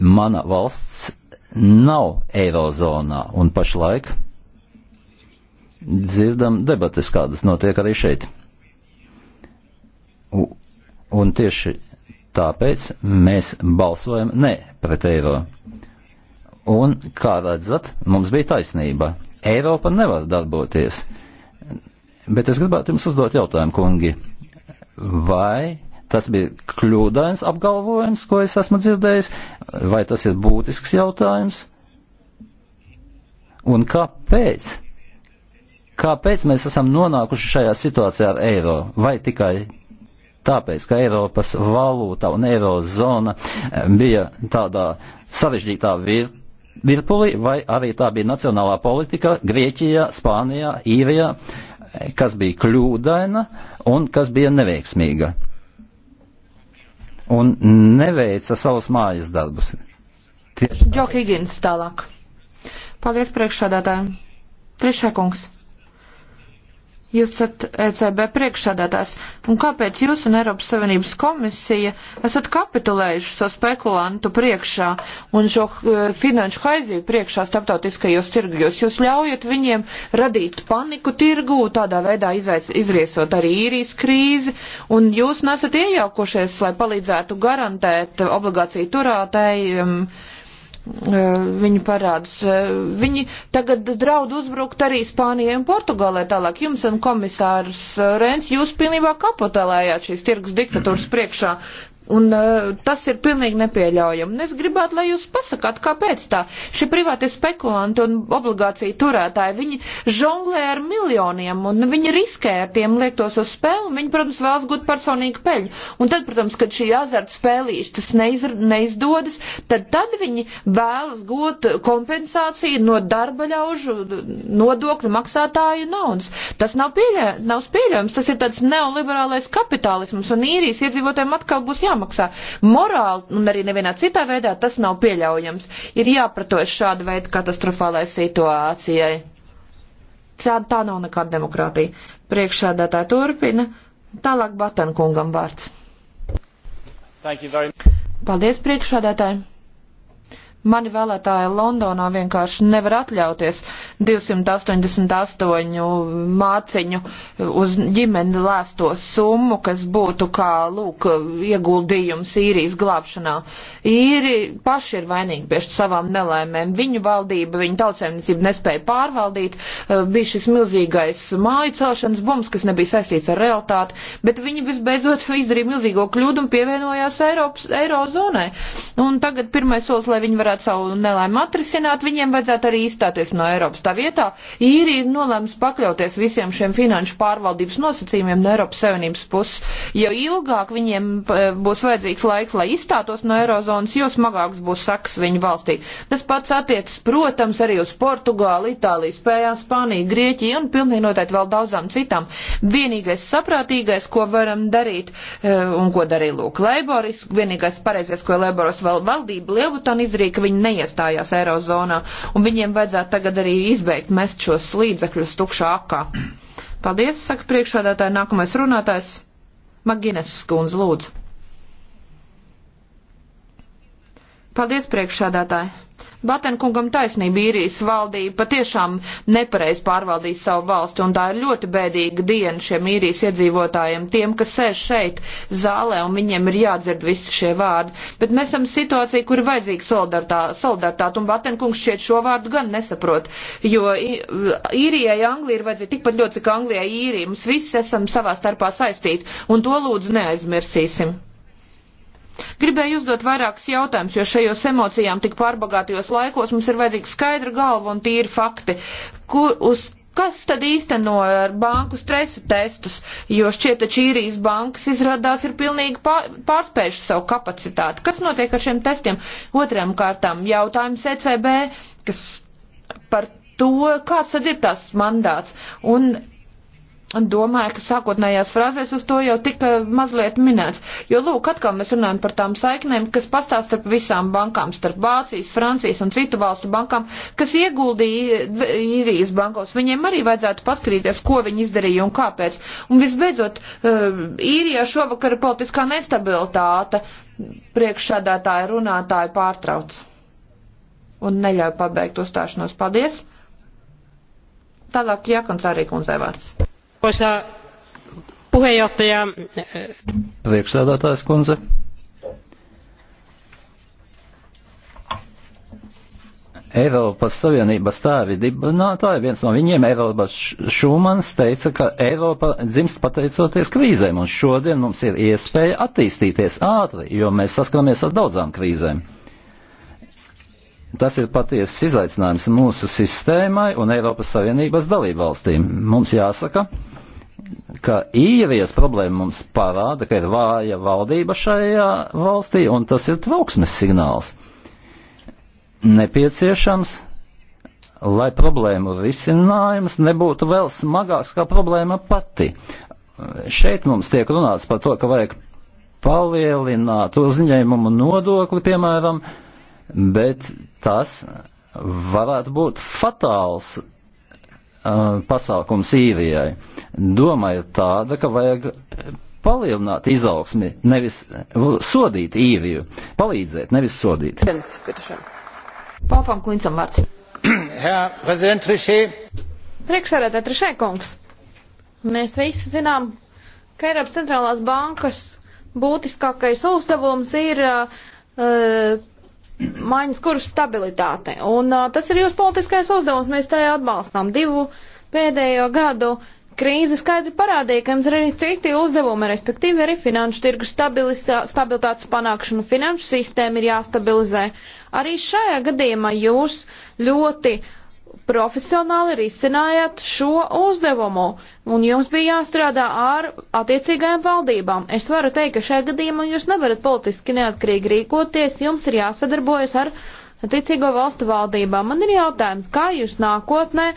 Mana valsts nav eirozonā un pašlaik dzirdam debates, kādas notiek arī šeit. U, un tieši tāpēc mēs balsojam ne pret eiro. Un, kā redzat, mums bija taisnība. Eiropa nevar darboties. Bet es gribētu jums uzdot jautājumu, kungi. Vai Tas bija kļūdains apgalvojums, ko es esmu dzirdējis, vai tas ir būtisks jautājums? Un kāpēc? Kāpēc mēs esam nonākuši šajā situācijā ar eiro? Vai tikai tāpēc, ka Eiropas valūta un eirozona eh, bija tādā sarežģītā vir virpulī, vai arī tā bija nacionālā politika Grieķijā, Spānijā, Īrijā, eh, kas bija kļūdaina un kas bija neveiksmīga un neveica savus mājas darbus. Tieši. Džo Higgins tālāk. Paldies priekšsādātājiem. Trešā kungs. Jūs esat ECB priekšsādātājs, un kāpēc jūs un Eiropas Savienības komisija esat kapitulējuši šo spekulantu priekšā un šo e, finanšu haizību priekšā starptautiskajos tirgļos? Jūs ļaujat viņiem radīt paniku tirgū, tādā veidā izaic, izriesot arī īrijas krīzi, un jūs nesat iejaukušies, lai palīdzētu garantēt obligāciju turētājiem. Um, Eh, viņu parādus. Eh, viņi tagad draud uzbrukt arī Spānijai un Portugālē tālāk. Jums un eh, komisārs Rēns, jūs pilnībā kapotelējāt šīs tirgus diktatūras priekšā. Un uh, tas ir pilnīgi nepieļaujami. Un es gribētu, lai jūs pasakāt, kāpēc tā. Šie privāti spekulanti un obligācija turētāji, viņi žonglē ar miljoniem un viņi riskē ar tiem liektos uz spēli un viņi, protams, vēlas gūt personīgu peļņu. Un tad, protams, kad šī azarta spēlīšas neiz, neizdodas, tad, tad viņi vēlas gūt kompensāciju no darba ļaužu nodokļu maksātāju naudas. Tas nav, pieļa, nav pieļaujams, tas ir tāds neoliberālais kapitālisms un īrijas iedzīvotājiem atkal būs jāmaksā jāmaksā. Morāli un arī nevienā citā veidā tas nav pieļaujams. Ir jāpratojas šāda veida katastrofālai situācijai. Cāda tā nav nekāda demokrātija. Priekšsēdētāja turpina. Tālāk Batankungam vārds. Paldies priekšsēdētāji. Mani vēlētāji Londonā vienkārši nevar atļauties 288 māciņu uz ģimeni lēsto summu, kas būtu kā, lūk, ieguldījums īrijas glābšanā. Uh, īri paši ir vainīgi pie savām nelēmēm. Viņu valdība, viņu tautsēmniecība nespēja pārvaldīt, eh, bija šis milzīgais māju celšanas bums, kas nebija saistīts ar realitāti, bet viņi visbeidzot izdarīja milzīgo kļūdu un pievienojās Eiropas, Eirozonai. Un tagad pirmais solis, lai viņi varētu savu nelēmu atrisināt, viņiem vajadzētu arī izstāties no Eiropas. Tā vietā īri ir nolēms pakļauties visiem šiem finanšu pārvaldības nosacījumiem no Eiropas Savienības puses, jo ilgāk viņiem eh, būs vajadzīgs laiks, lai izstātos no Eirozonas eirozonas, jo smagāks būs saks viņu valstī. Tas pats attiecas, protams, arī uz Portugāli, Itāliju, Spējā, Spāniju, Grieķiju un pilnīgi noteikti vēl daudzām citām. Vienīgais saprātīgais, ko varam darīt e, un ko darīja Lūk Leiboris, vienīgais pareizais, ko Leiboris vēl valdība Lielbritāna izrīka, ka viņi neiestājās eirozonā un viņiem vajadzētu tagad arī izbeigt mest šos līdzekļus tukšā akā. Paldies, saka priekšādātāji, nākamais runātājs. Magineses skundze, lūdzu. Paldies, priekšsādātāji! Batenkungam taisnība īrijas valdība patiešām nepareiz pārvaldīja savu valsti, un tā ir ļoti bēdīga diena šiem īrijas iedzīvotājiem, tiem, kas sēž šeit zālē, un viņiem ir jādzird visi šie vārdi. Bet mēs esam situācija, kur ir vajadzīga solidaritāte, un Batenkungs šeit šo vārdu gan nesaprot, jo īrijai Anglija ir vajadzīga tikpat ļoti, cik Anglijai īrija. Mums visi esam savā starpā saistīti, un to lūdzu neaizmirsīsim. Gribēju uzdot vairākus jautājumus, jo šajos emocijām tik pārbagātajos laikos mums ir vajadzīga skaidra galva un tīri fakti. Kur, uz Kas tad īsteno ar banku stresa testus, jo šķiet, taču īrijas bankas izrādās ir pilnīgi pārspējuši savu kapacitāti. Kas notiek ar šiem testiem? Otrām kārtām jautājums ECB, kas par to, kāds tad ir tās mandāts. Un domāju, ka sākotnējās frāzēs uz to jau tika mazliet minēts. Jo, lūk, atkal mēs runājam par tām saiknēm, kas pastāv starp visām bankām, starp Vācijas, Francijas un citu valstu bankām, kas ieguldīja īrijas bankos. Viņiem arī vajadzētu paskatīties, ko viņi izdarīja un kāpēc. Un visbeidzot, eh, īrijā šovakar politiskā nestabilitāte priekšsādātāja runātāja pārtrauc un neļauj pabeigt uzstāšanos. Paldies! Tālāk Jākons arī kundzei vārds arvoisa puheenjohtaja. Priekšsēdētājs kundze. Eiropas Savienības tēvi dibinātāji, viens no viņiem, Eiropas Šumans, teica, ka Eiropa dzimst pateicoties krīzēm, un šodien mums ir iespēja attīstīties ātri, jo mēs saskaramies ar daudzām krīzēm. Tas ir patiesas izaicinājums mūsu sistēmai un Eiropas Savienības dalībvalstīm. Mums jāsaka, ka īrijas problēma mums parāda, ka ir vāja valdība šajā valstī, un tas ir trauksmes signāls. Nepieciešams, lai problēmu risinājums nebūtu vēl smagāks kā problēma pati. Šeit mums tiek runāts par to, ka vajag palielināt uzņēmumu nodokli, piemēram, bet Tas varētu būt fatāls uh, pasākums īrijai. Doma ir tāda, ka vajag palielināt izaugsmi, nevis sodīt īriju, palīdzēt, nevis sodīt. Pāpam Klincam vārds. Herr Präsident Trichet. Priekšsēdētāj Trichet kungs. Mēs visi zinām, ka Eiropas centrālās bankas būtiskākais uzdevums ir uh, maiņas kursu stabilitāte. Un uh, tas ir jūsu politiskais uzdevums, mēs te atbalstām divu pēdējo gadu. Krīze skaidri parādīja, ka mums ir arī citi uzdevumi, respektīvi arī finanšu tirgu stabilitātes panākšanu, finanšu sistēmu ir jāstabilizē. Arī šajā gadījumā jūs ļoti uh, profesionāli risinājāt šo uzdevumu, un jums bija jāstrādā ar attiecīgajām valdībām. Es varu teikt, ka šajā gadījumā jūs nevarat politiski neatkarīgi rīkoties, jums ir jāsadarbojas ar attiecīgo valstu valdībām. Man ir jautājums, kā jūs nākotnē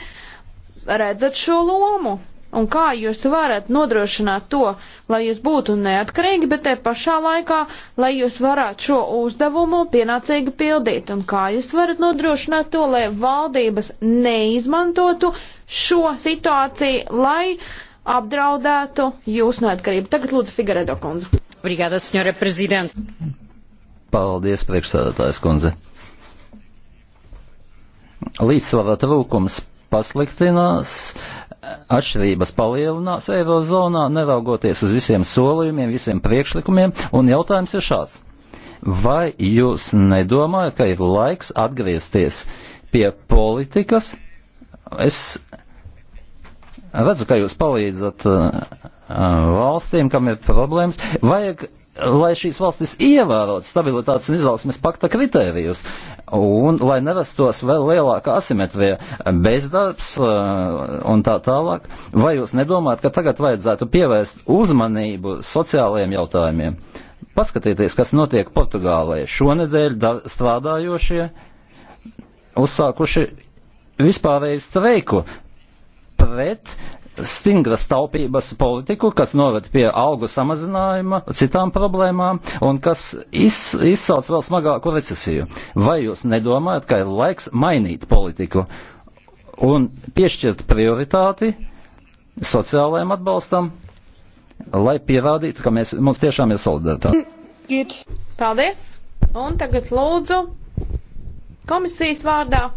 redzat šo lomu? Un kā jūs varat nodrošināt to, lai jūs būtu neatkarīgi, bet te pašā laikā, lai jūs varētu šo uzdevumu pienācīgi pildīt? Un kā jūs varat nodrošināt to, lai valdības neizmantotu šo situāciju, lai apdraudētu jūsu neatkarību? Tagad lūdzu Figaredo kundze. Brigāda, senjore prezident. Paldies, priekšsēdētājs kundze. Līdzsvarā trūkums pasliktinās atšķirības palielinās Eirozonā, neraugoties uz visiem solījumiem, visiem priekšlikumiem, un jautājums ir šāds. Vai jūs nedomājat, ka ir laiks atgriezties pie politikas? Es redzu, ka jūs palīdzat uh, valstīm, kam ir problēmas. Vajag lai šīs valstis ievērotu stabilitātes un izaugsmes pakta kritērijus un lai nerastos vēl lielāka asimetrija, bezdarbs eh, un tā tālāk, vai jūs nedomājat, ka tagad vajadzētu pievērst uzmanību sociālajiem jautājumiem? Paskatieties, kas notiek Portugālē. Šonedēļ strādājošie uzsākuši vispārēju streiku pret uh, stingras taupības politiku, kas noved pie algu samazinājuma, citām problēmām un kas iz, izsauc vēl smagāku recesiju. Vai jūs nedomājat, ka ir laiks mainīt politiku un piešķirt prioritāti sociālajiem atbalstam, lai pierādītu, ka mēs, mums tiešām ir solidaritāte? Paldies! Un tagad lūdzu komisijas vārdā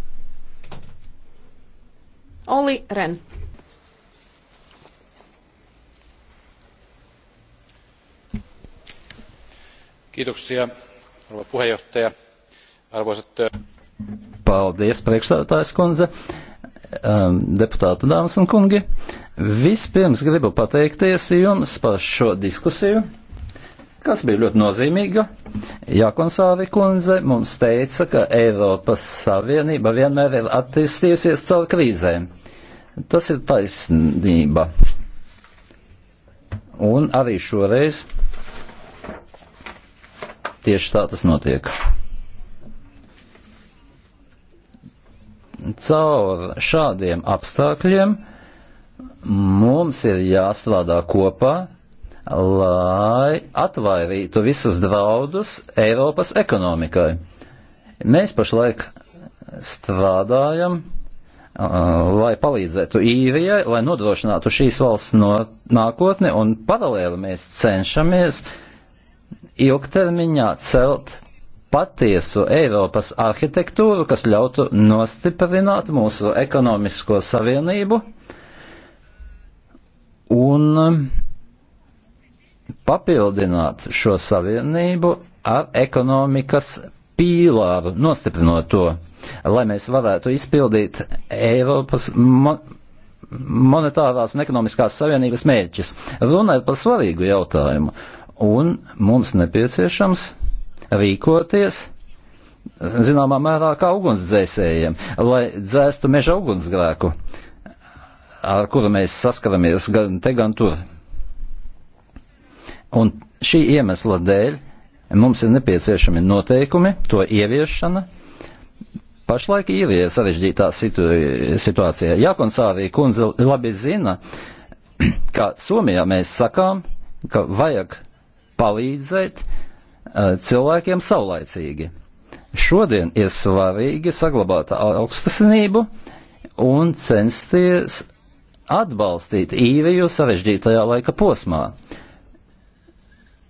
Oli Ren. arvoisa puhemies arvoisat. paldies priekšstādātājas kundze deputātu dāmas un kungi. Vispirms gribu pateikties jums par šo diskusiju, kas bija ļoti nozīmīga. Jākonsāvi kundze mums teica, ka Eiropas Savienība vienmēr ir attīstījusies caur krīzēm. Tas ir taisnība. Un arī šoreiz tieši tā tas notiek. Caur šādiem apstākļiem mums ir jāstrādā kopā, lai atvairītu visus draudus Eiropas ekonomikai. Mēs pašlaik strādājam, uh, lai palīdzētu īrijai, lai nodrošinātu šīs valsts no nākotni, un paralēli mēs cenšamies uh, ilgtermiņā celt patiesu Eiropas arhitektūru, kas ļautu nostiprināt mūsu ekonomisko savienību un papildināt šo savienību ar ekonomikas pīlāru, nostiprinot to, lai mēs varētu izpildīt Eiropas mo monetārās un ekonomiskās savienības mērķis. Runa ir par svarīgu jautājumu un mums nepieciešams rīkoties, zināmā mērā, kā ugunsdzēsējiem, lai dzēstu meža ugunsgrēku, ar kuru mēs saskaramies gan te, gan tur. Un šī iemesla dēļ mums ir nepieciešami noteikumi, to ieviešana. Pašlaik īrija sarežģītā situ situācijā. Jākonsārī kundze labi zina, ka Somijā mēs sakām, ka vajag palīdzēt eh, cilvēkiem saulaicīgi. Šodien ir svarīgi saglabāt augstasinību un censties atbalstīt īriju sarežģītajā laika posmā.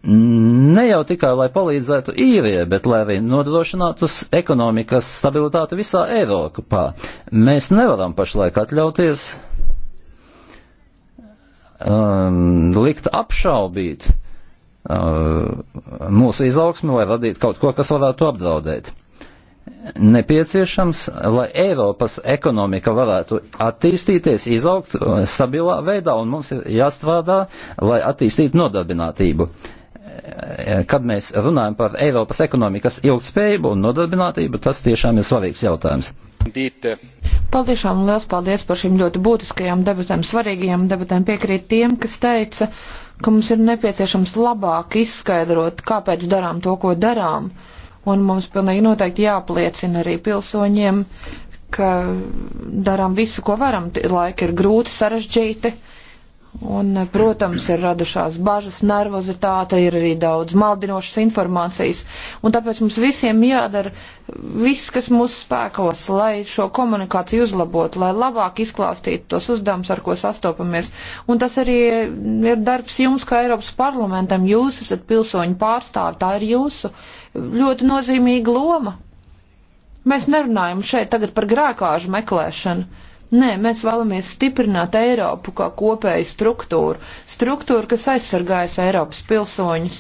Ne jau tikai, lai palīdzētu īrijai, bet lai arī nodrošinātu ekonomikas stabilitāti visā Eiropā. Mēs nevaram pašlaik atļauties um, likt apšaubīt Uh, mūsu izaugsmi vai radīt kaut ko, kas varētu apdraudēt. Nepieciešams, lai Eiropas ekonomika varētu attīstīties, izaugt uh, stabilā veidā, un mums ir jāstrādā, lai attīstītu nodarbinātību. Uh, kad mēs runājam par Eiropas ekonomikas ilgspējību un nodarbinātību, tas tiešām ir svarīgs jautājums. Dīte. Paldies, liels paldies par šīm ļoti būtiskajām debatēm, svarīgajām debatēm. Piekrīt tiem, kas teica, uh, ka mums ir nepieciešams labāk izskaidrot, kāpēc darām to, ko darām, un mums pilnīgi noteikti jāpliecina arī pilsoņiem, ka darām visu, ko varam. Laiki ir grūti, sarežģīti, Un, protams, ir radušās bažas, nervozitāte, ir arī daudz maldinošas informācijas. Un tāpēc mums visiem jādara viss, kas mūsu spēkos, lai šo komunikāciju uzlabotu, lai labāk izklāstītu tos uzdevumus, ar ko sastopamies. Un tas arī ir darbs jums, kā Eiropas parlamentam. Jūs esat pilsoņu pārstāvi, tā ir jūsu ļoti nozīmīga loma. Mēs nerunājam šeit tagad par grēkāžu meklēšanu Nē, mēs vēlamies stiprināt Eiropu kā kopēju struktūru, struktūru, kas aizsargājas Eiropas pilsoņus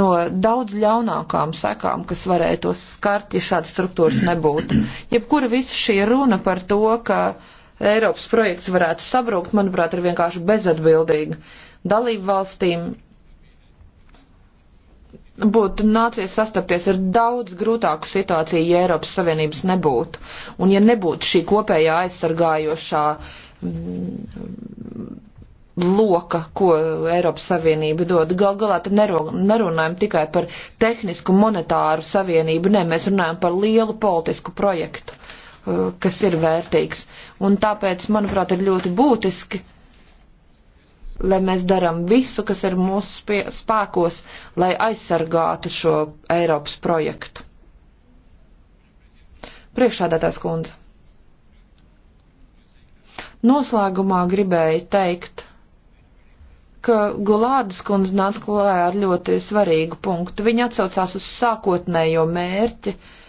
no daudz ļaunākām sekām, kas varētu tos skart, ja šādas struktūras nebūtu. Jebkura visa šī runa par to, ka Eiropas projekts varētu sabrukt, manuprāt, ir vienkārši bezatbildīga. Dalību valstīm būtu nācies sastapties ar daudz grūtāku situāciju, ja Eiropas Savienības nebūtu. Un ja nebūtu šī kopējā aizsargājošā mm, loka, ko Eiropas Savienība dod. Gal galā te nerunājam tikai par tehnisku monetāru savienību, nē, mēs runājam par lielu politisku projektu, uh, kas ir vērtīgs. Un tāpēc, manuprāt, ir ļoti būtiski lai mēs darām visu, kas ir mūsu spie, spēkos, lai aizsargātu šo Eiropas projektu. Priekšādātājs kundze. Noslēgumā gribēju teikt, ka Gulārdas kundze nāca klājā ar ļoti svarīgu punktu. Viņa atsaucās uz sākotnējo mērķi, uh,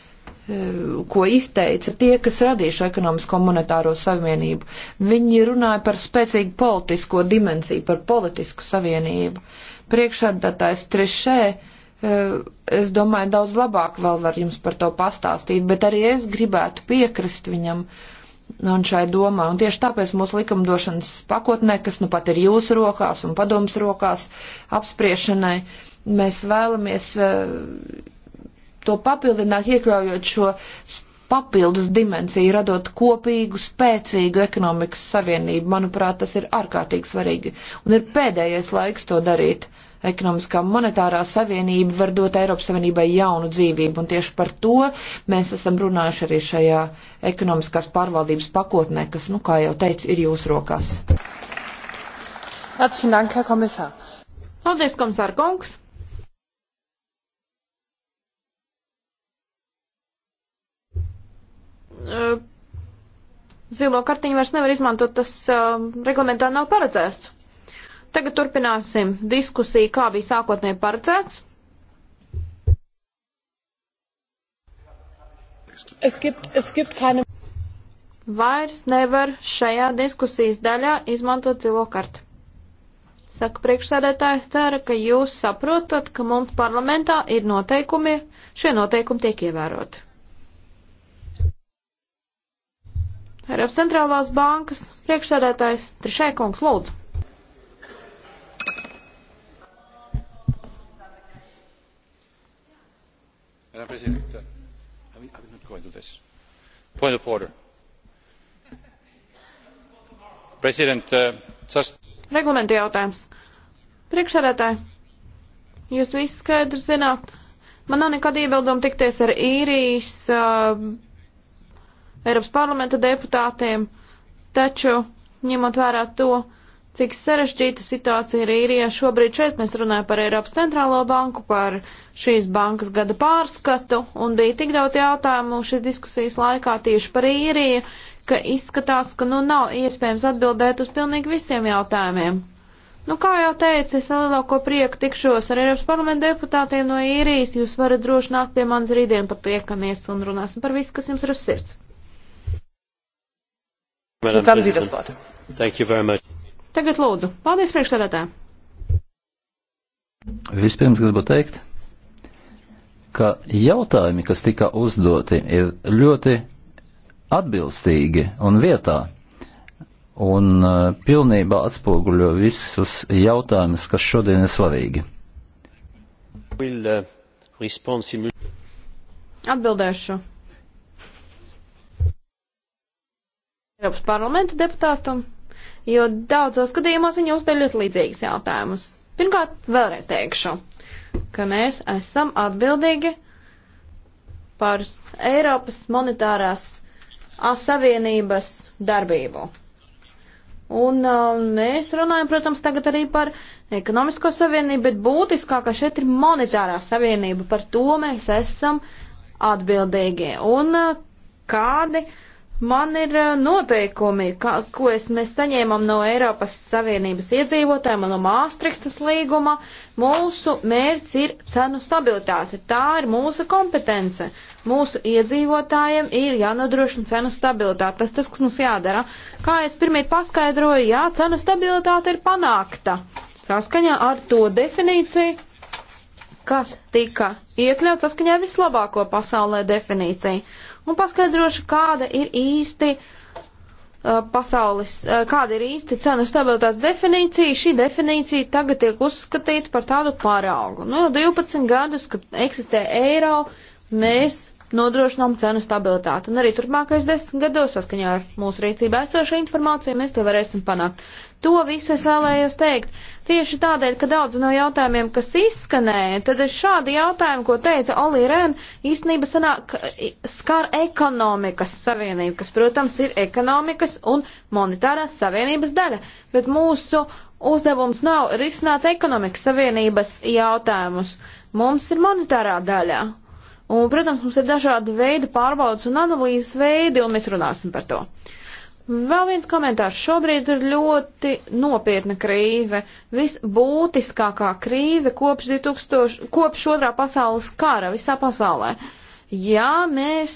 ko izteica tie, kas radīja šo ekonomisko monetāro savienību. Viņi runāja par spēcīgu politisko dimensiju, par politisku savienību. Priekšādātājs trešē, eh, es domāju, daudz labāk vēl var jums par to pastāstīt, bet arī es gribētu piekrist viņam un šai domā. Un tieši tāpēc mūsu likumdošanas pakotnē, kas nu pat ir jūsu rokās un padoms rokās apspriešanai, mēs vēlamies eh, to papildināt, iekļaujot šo papildus dimensiju, radot kopīgu, spēcīgu ekonomikas savienību. Manuprāt, tas ir ārkārtīgi svarīgi. Un ir pēdējais laiks to darīt. Ekonomiskā monetārā savienība var dot Eiropas Savienībai jaunu dzīvību, un tieši par to mēs esam runājuši arī šajā ekonomiskās pārvaldības pakotnē, kas, nu, kā jau teicu, ir jūsu rokās. Paldies, komisār Kungs! Eh, zilo kartiņu vairs nevar izmantot, tas eh, reglamentā nav paredzēts. Tagad turpināsim diskusiju, kā bija sākotnēji paredzēts. Es gibt, es gibt keine... Vairs nevar šajā diskusijas daļā izmantot zilo karti. Saka priekšsēdētājs tēra, ka jūs saprotat, ka mums parlamentā ir noteikumi, šie noteikumi tiek ievēroti. Eiropas centrālās bankas priekšsēdētājs Trišē kungs lūdzu. Madam President, uh, I will not go into this. Point of order. President, uh, just... Reglamenta jautājums. Priekšsēdētāji, jūs visi skaidri zināt, man nav nekad iebildumu tikties ar īrijas uh, Eiropas parlamenta deputātiem, taču ņemot vērā to, cik sarežģīta situācija ir īrijā šobrīd, šeit mēs runājam par Eiropas centrālo banku, par šīs bankas gada pārskatu, un bija tik daudz jautājumu šīs diskusijas laikā tieši par īriju, ka izskatās, ka nu nav iespējams atbildēt uz pilnīgi visiem jautājumiem. Nu, kā jau teicu, es ar lielāko prieku tikšos ar Eiropas parlamenta deputātiem no īrijas. Jūs varat droši nākt pie manis rītdien pat tiekamies un runāsim par visu, kas jums ir uz sirds. Jetzt haben Sie das Wort. Thank you very much. Tagad lūdzu. Paldies priekšstādātā. Vispirms gribu teikt, ka jautājumi, kas tika uzdoti, ir ļoti atbilstīgi un vietā un uh, pilnībā atspoguļo visus jautājumus, kas šodien ir svarīgi. Uh, Atbildēšu Eiropas parlamenta deputātam, jo daudzos gadījumos viņi uzdeļ ļoti līdzīgas jautājumus. Pirmkārt, vēlreiz teikšu, ka mēs esam atbildīgi par Eiropas monetārās savienības darbību. Un uh, mēs runājam, protams, tagad arī par ekonomisko savienību, bet būtiskākā šeit ir monetārā savienība. Par to mēs esam atbildīgi. Un uh, kādi uh, Man ir eh, noteikumi, kā, ko es, mēs saņēmām no Eiropas Savienības iedzīvotājiem un no Māstrihtas līguma. Mūsu mērķis ir cenu stabilitāte. Tā ir mūsu kompetence. Mūsu iedzīvotājiem ir jānodrošina cenu stabilitāte. Tas tas, kas mums jādara. Kā es pirmie paskaidroju, jā, cenu stabilitāte ir panākta. Saskaņā ar to definīciju, kas tika iekļauts saskaņā ar vislabāko pasaulē definīciju un paskaidrošu, kāda ir īsti uh, pasaules, uh, kāda ir īsti cenu stabilitātes definīcija, šī definīcija tagad tiek uzskatīta par tādu paraugu. Nu, jau 12 gadus, kad eksistē eiro, mēs nodrošinām cenu stabilitāti. Un arī turpmākais desmit gados, saskaņā ar mūsu rīcībā esošo informāciju, mēs to varēsim panākt. To visu es vēlējos teikt. Tieši tādēļ, ka daudz no jautājumiem, kas izskanēja, tad ir šādi jautājumi, ko teica Oli Ren, īstenībā sanāk, skar ekonomikas savienību, kas, protams, ir ekonomikas un monetārās savienības daļa. Bet mūsu uzdevums nav risināt ekonomikas savienības jautājumus. Mums ir monetārā daļā. Un, protams, mums ir dažādi veidi pārbaudas un analīzes veidi, un mēs runāsim par to. Uh, Vēl viens komentārs. Šobrīd ir ļoti nopietna krīze. Visbūtiskākā krīze kopš, 2000, kopš otrā pasaules kara visā pasaulē. Ja mēs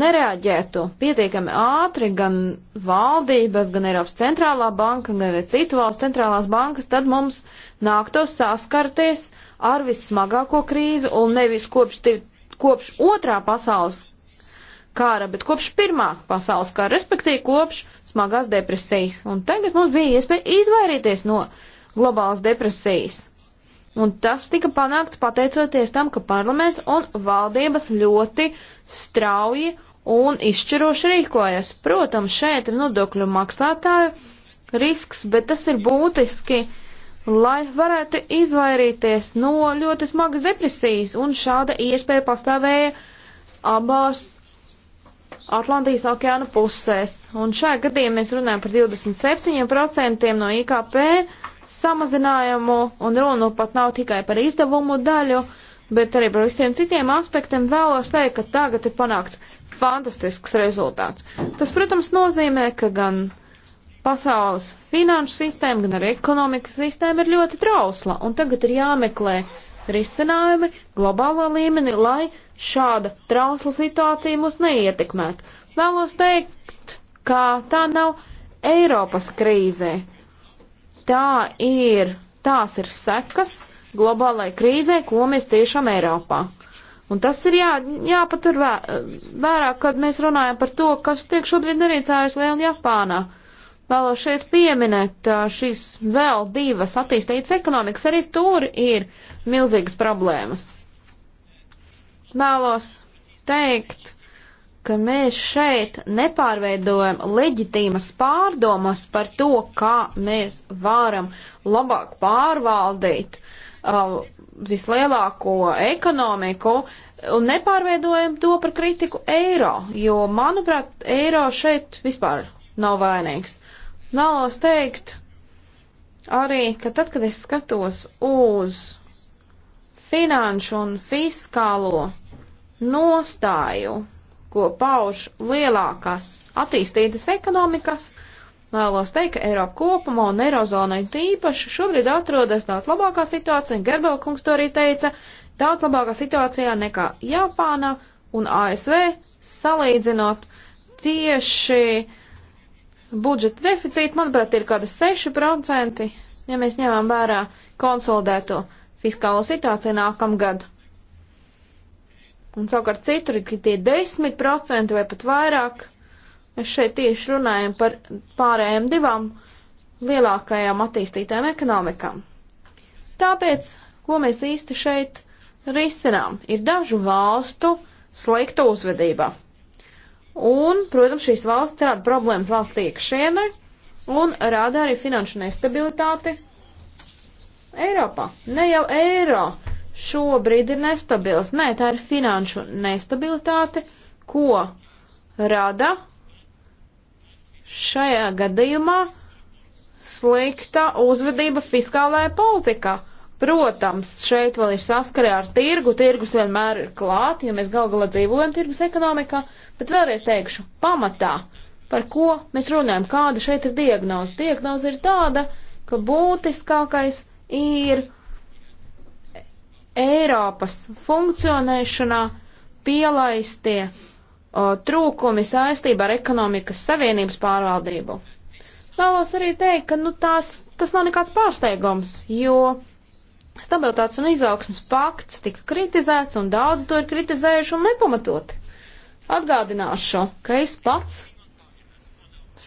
nereaģētu pietiekami ātri gan valdības, gan Eiropas centrālā banka, gan arī citu valstu centrālās bankas, tad mums nāktos saskarties ar vissmagāko krīzi un nevis kopš, kopš otrā pasaules kara, bet kopš Pirmā pasaules kara, respektīvi kopš smagās depresijas. Un tagad mums bija iespēja izvairīties no globālas depresijas. Un tas tika panākts pateicoties tam, ka parlaments un valdības ļoti strauji un izšķiroši rīkojas. Protams, šeit ir nodokļu maksātāju risks, bet tas ir būtiski, lai varētu izvairīties no ļoti smagas depresijas, un šāda iespēja pastāvēja abās Atlantijas okeāna pusēs. Un šajā gadījumā mēs runājam par 27% no IKP samazinājumu, un runa nu pat nav tikai par izdevumu daļu, bet arī par visiem citiem aspektiem vēlos teikt, ka tagad ir panākts fantastisks rezultāts. Tas, protams, nozīmē, ka gan pasaules finanšu sistēma, gan arī ekonomikas sistēma ir ļoti trausla, un tagad ir jāmeklē risinājumi globālā līmenī, lai šāda trausla situācija mūs neietekmētu. Vēlos teikt, ka tā nav Eiropas krīzē. Tā ir, tās ir sekas globālai krīzē, ko mēs tiešām Eiropā. Un tas ir jā, jāpatur vē, vērā, kad mēs runājam par to, kas tiek šobrīd darīts ASV un Japānā. Vēlos šeit pieminēt šīs vēl divas attīstītas ekonomikas, arī tur ir milzīgas problēmas vēlos teikt, ka mēs šeit nepārveidojam leģitīmas pārdomas par to, kā mēs varam labāk pārvaldīt uh, vislielāko ekonomiku un nepārveidojam to par kritiku eiro, jo, manuprāt, eiro šeit vispār nav vainīgs. Vēlos teikt arī, ka tad, kad es skatos uz finanšu un fiskālo nostāju, ko pauž lielākās attīstītas ekonomikas, vēlos teikt, ka Eiropa kopumā un Eirozonai tīpaši šobrīd atrodas daudz labākā situācija, un Gerbelkungs to arī teica, daudz labākā situācijā nekā Japāna un ASV, salīdzinot tieši budžeta deficītu, manuprāt, ir kāda 6%, ja mēs ņemam vērā konsolidēto fiskālo situāciju nākamgad. Un savukārt citur ir tie 10% vai pat vairāk. Mēs šeit tieši runājam par pārējām divām lielākajām attīstītām ekonomikām. Tāpēc, ko mēs īsti šeit risinām, ir dažu valstu slikta uzvedība. Un, protams, šīs valsts rada problēmas valsts iekšienē un rada arī finanšu nestabilitāti Eiropā. Ne jau Eiro šobrīd ir nestabils. Nē, tā ir finanšu nestabilitāte, ko rada šajā gadījumā slikta uzvedība fiskālajā politikā. Protams, šeit vēl ir saskarē ar tirgu, tirgus vienmēr ir klāt, jo mēs gal galā dzīvojam tirgus ekonomikā, bet vēlreiz teikšu, pamatā, par ko mēs runājam, kāda šeit ir diagnoze. Diagnoze ir tāda, ka būtiskākais ir Eiropas funkcionēšanā pielaistie o, trūkumi saistībā ar ekonomikas savienības pārvaldību. Vēlos arī teikt, ka nu, tās, tas nav nekāds pārsteigums, jo stabilitātes un izaugsmas pakts tika kritizēts un daudz to ir kritizējuši un nepamatoti. Atgādināšu, ka es pats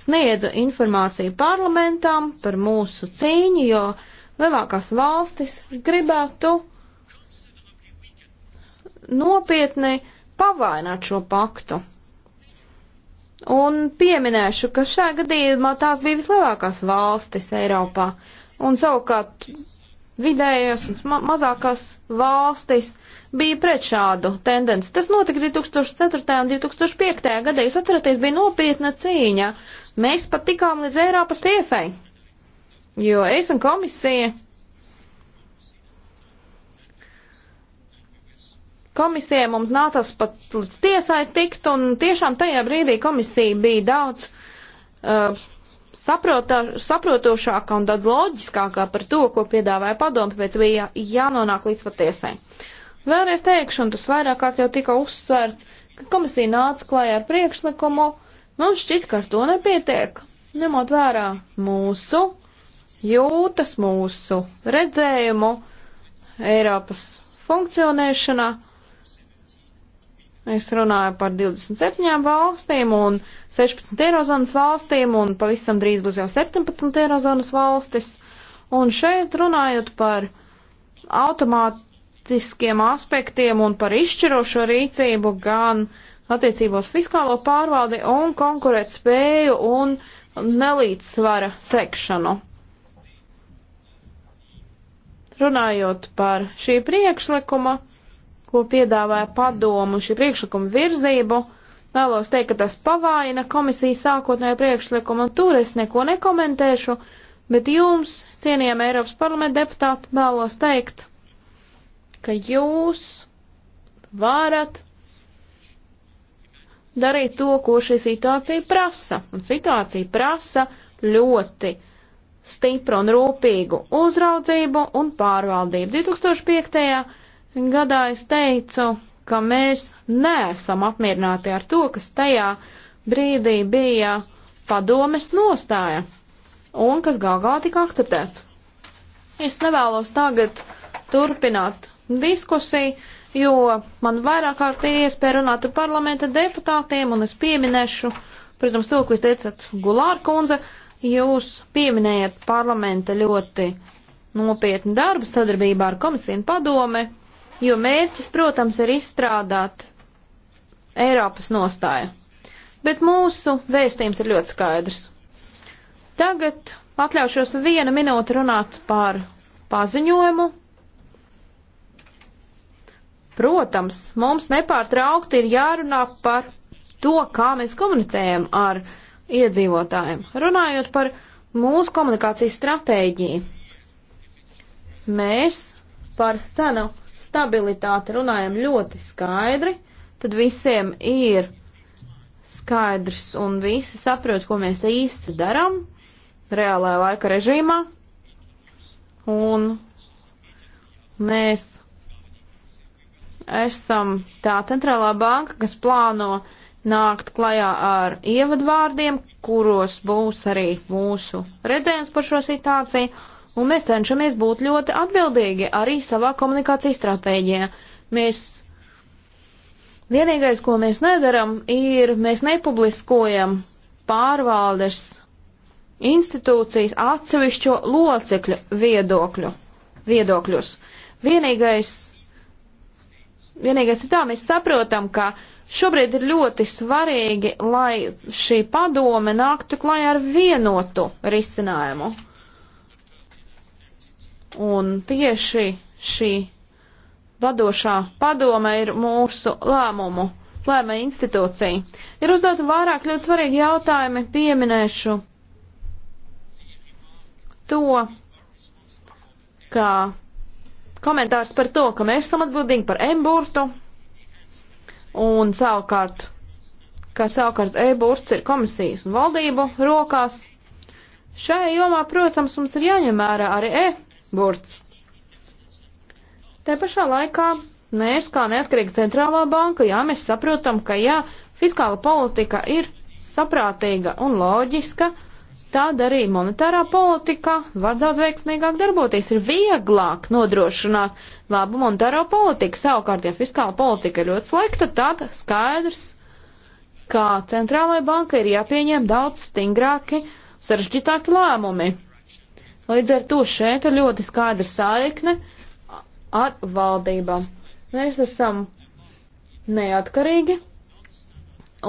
sniedzu informāciju parlamentam par mūsu cīņu, jo lielākās valstis gribētu nopietni pavainot šo paktu. Un pieminēšu, ka šajā gadījumā tās bija vislielākās valstis Eiropā, un savukārt vidējās un ma mazākās valstis bija pret šādu tendenci. Tas notika 2004. un 2005. gadā, jūs atceraties, bija nopietna cīņa. Mēs pat tikām līdz Eiropas tiesai, jo es un komisija Komisija mums nācās pat līdz tiesai tikt, un tiešām tajā brīdī komisija bija daudz uh, saprotā, saprotošāka un daudz loģiskākā par to, ko piedāvāja padomu, pēc bija jānonāk līdz pat tiesai. Vēlreiz teikšu, un tas vairāk kārt jau tika uzsvērts, ka komisija nāca klājā ar priekšlikumu, man nu, šķiet, ka ar to nepietiek, ņemot vērā mūsu jūtas, mūsu redzējumu Eiropas funkcionēšanā. Es runāju par 27 valstīm un 16 eirozonas valstīm un pavisam drīz būs jau 17 eirozonas valstis. Un šeit runājot par automātiskiem aspektiem un par izšķirošo rīcību gan attiecībos fiskālo pārvaldi un konkurēt spēju un nelīdzsvara sekšanu. Runājot par šī priekšlikuma ko piedāvāja padomu šī priekšlikuma virzību, vēlos teikt, ka tas pavājina komisijas sākotnējo priekšlikumu, un tur es neko nekomentēšu, bet jums, cienījami Eiropas parlamenta deputāti, vēlos teikt, ka jūs varat darīt to, ko šī situācija prasa. Un situācija prasa ļoti stipru un rūpīgu uzraudzību un pārvaldību. 2005 gadā es teicu, ka mēs neesam apmierināti ar to, kas tajā brīdī bija padomes nostāja un kas gal galā tika akceptēts. Es nevēlos tagad turpināt diskusiju, jo man vairāk kārt ir iespēja runāt ar parlamenta deputātiem, un es pieminēšu, protams, to, ko jūs teicat, Gulāra kundze, jūs pieminējat parlamenta ļoti nopietnu darbu sadarbībā ar komisiju un padome, jo mērķis, protams, ir izstrādāt Eiropas nostāju. Bet mūsu vēstījums ir ļoti skaidrs. Tagad atļaušos vienu minūti runāt par paziņojumu. Protams, mums nepārtraukti ir jārunā par to, kā mēs komunicējam ar iedzīvotājiem. Runājot par mūsu komunikācijas stratēģiju, mēs par cenu stabilitāti runājam ļoti skaidri, tad visiem ir skaidrs un visi saprot, ko mēs īsti darām reālajā laika režīmā. Un mēs esam tā centrālā banka, kas plāno nākt klajā ar ievadvārdiem, kuros būs arī mūsu redzējums par šo situāciju Un mēs cenšamies būt ļoti atbildīgi arī savā komunikācijas stratēģijā. Mēs vienīgais, ko mēs nedaram, ir mēs nepubliskojam pārvaldes institūcijas atsevišķo locekļu viedokļu, viedokļus. Vienīgais, vienīgais ir tā, mēs saprotam, ka šobrīd ir ļoti svarīgi, lai šī padome nāktu klajā ar vienotu risinājumu. Un tieši šī vadošā padome ir mūsu lēmumu, lēmē institūcija. Ir uzdota vairāk ļoti svarīgi jautājumi, pieminēšu to, ka komentārs par to, ka mēs esam atbildīgi par e-burtu un savukārt, ka savukārt e-burts ir komisijas un valdību rokās. Šajā jomā, protams, mums ir jāņem vērā arī e burts. Te pašā laikā mēs, kā neatkarīga centrālā banka, jā, mēs saprotam, ka jā, fiskāla politika ir saprātīga un loģiska, tad arī monetārā politika var daudz veiksmīgāk darboties. Ir vieglāk nodrošināt labu monetāro politiku. Savukārt, ja fiskāla politika ir ļoti slikta, tad skaidrs, ka centrālajai bankai ir jāpieņem daudz stingrāki, sarežģītāki lēmumi. Līdz ar to šeit ir ļoti skaidra saikne ar valdībām. Mēs esam neatkarīgi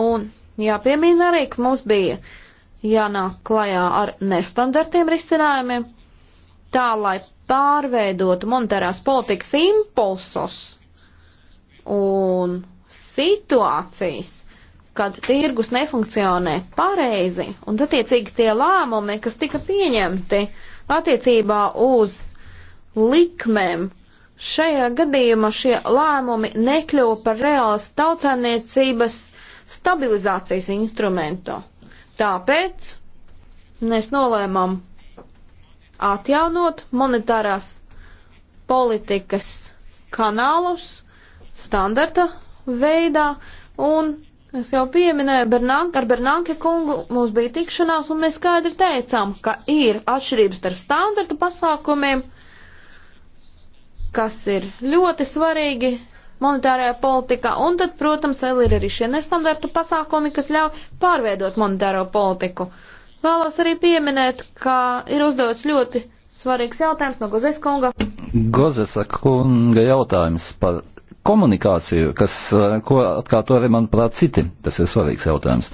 un jāpiemīna arī, ka mums bija jānāk klajā ar nestandartiem risinājumiem, tā lai pārveidotu monetārās politikas impulsus un situācijas, kad tirgus nefunkcionē pareizi, un attiecīgi tie lēmumi, kas tika pieņemti, uh, Attiecībā uz likmēm šajā gadījumā šie lēmumi nekļuva par reālas tautsēmniecības stabilizācijas instrumentu. Tāpēc mēs nolēmām atjaunot monetārās politikas kanālus standarta veidā un Es jau pieminēju, Bernanke, ar Bernanke kungu mums bija tikšanās, un mēs skaidri teicām, ka ir atšķirības starp standarta pasākumiem, kas ir ļoti svarīgi monetārajā politikā, un tad, protams, vēl ir arī šie nestandarta pasākumi, kas ļauj pārveidot monetāro politiku. Vēlos arī pieminēt, ka ir uzdots ļoti svarīgs jautājums no Gozes kunga. Gozesa kunga jautājums par komunikāciju, kas, eh, ko atkārto arī, manuprāt, citi. Tas ir svarīgs jautājums.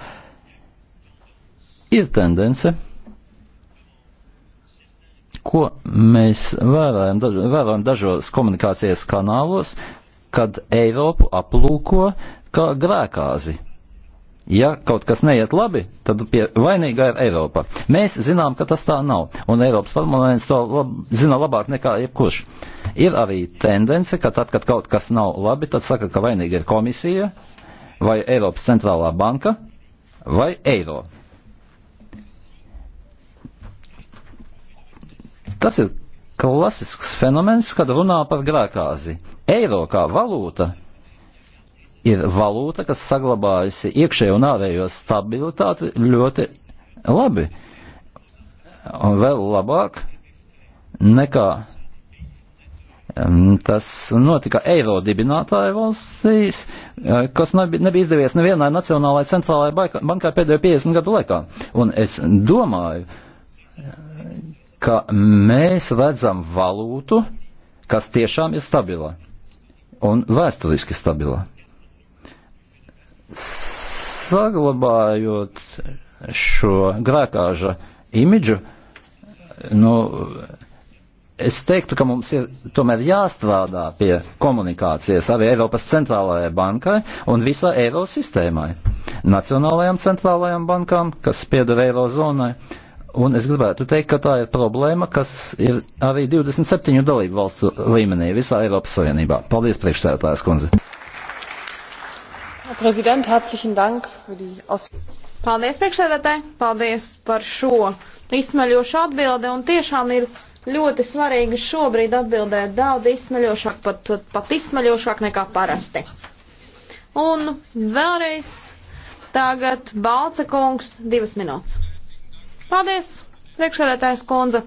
Ir tendence, ko mēs vērojam, daž, vērojam dažos komunikācijas kanālos, kad Eiropu aplūko kā grēkāzi Ja kaut kas neiet labi, tad pie vainīgā ir Eiropa. Mēs zinām, ka tas tā nav, un Eiropas parlaments to lab, zina labāk nekā jebkurš. Ir arī tendence, ka tad, kad kaut kas nav labi, tad saka, ka vainīga ir komisija, vai Eiropas centrālā banka, vai eiro. Tas ir klasisks fenomens, kad runā par grēkāzi. Eiro kā valūta ir valūta, kas saglabājusi iekšējo un ārējo stabilitāti ļoti labi. Un vēl labāk nekā tas notika eiro dibinātāju valstīs, eh, kas nebija, nebija izdevies nevienai nacionālajai centrālajai bankai pēdējo 50 gadu laikā. Un es domāju, ka mēs redzam valūtu, kas tiešām ir stabila un vēsturiski stabila saglabājot šo grēkāža imidžu, nu, es teiktu, ka mums ir tomēr jāstrādā pie komunikācijas arī Eiropas centrālajai bankai un visā eiro sistēmai. Nacionālajām centrālajām bankām, kas piedara eirozonai, Un es gribētu teikt, ka tā ir problēma, kas ir arī 27 dalību valstu līmenī visā Eiropas Savienībā. Paldies, priekšsēdētājas kundze! Paldies, priekšsēdētāji! Paldies par šo izsmeļošu atbildi. Un tiešām ir ļoti svarīgi šobrīd atbildēt daudz izsmeļošāk, pat, pat izsmeļošāk nekā parasti. Un vēlreiz tagad Balca kungs divas minūtes. Paldies, priekšsēdētājs kundze!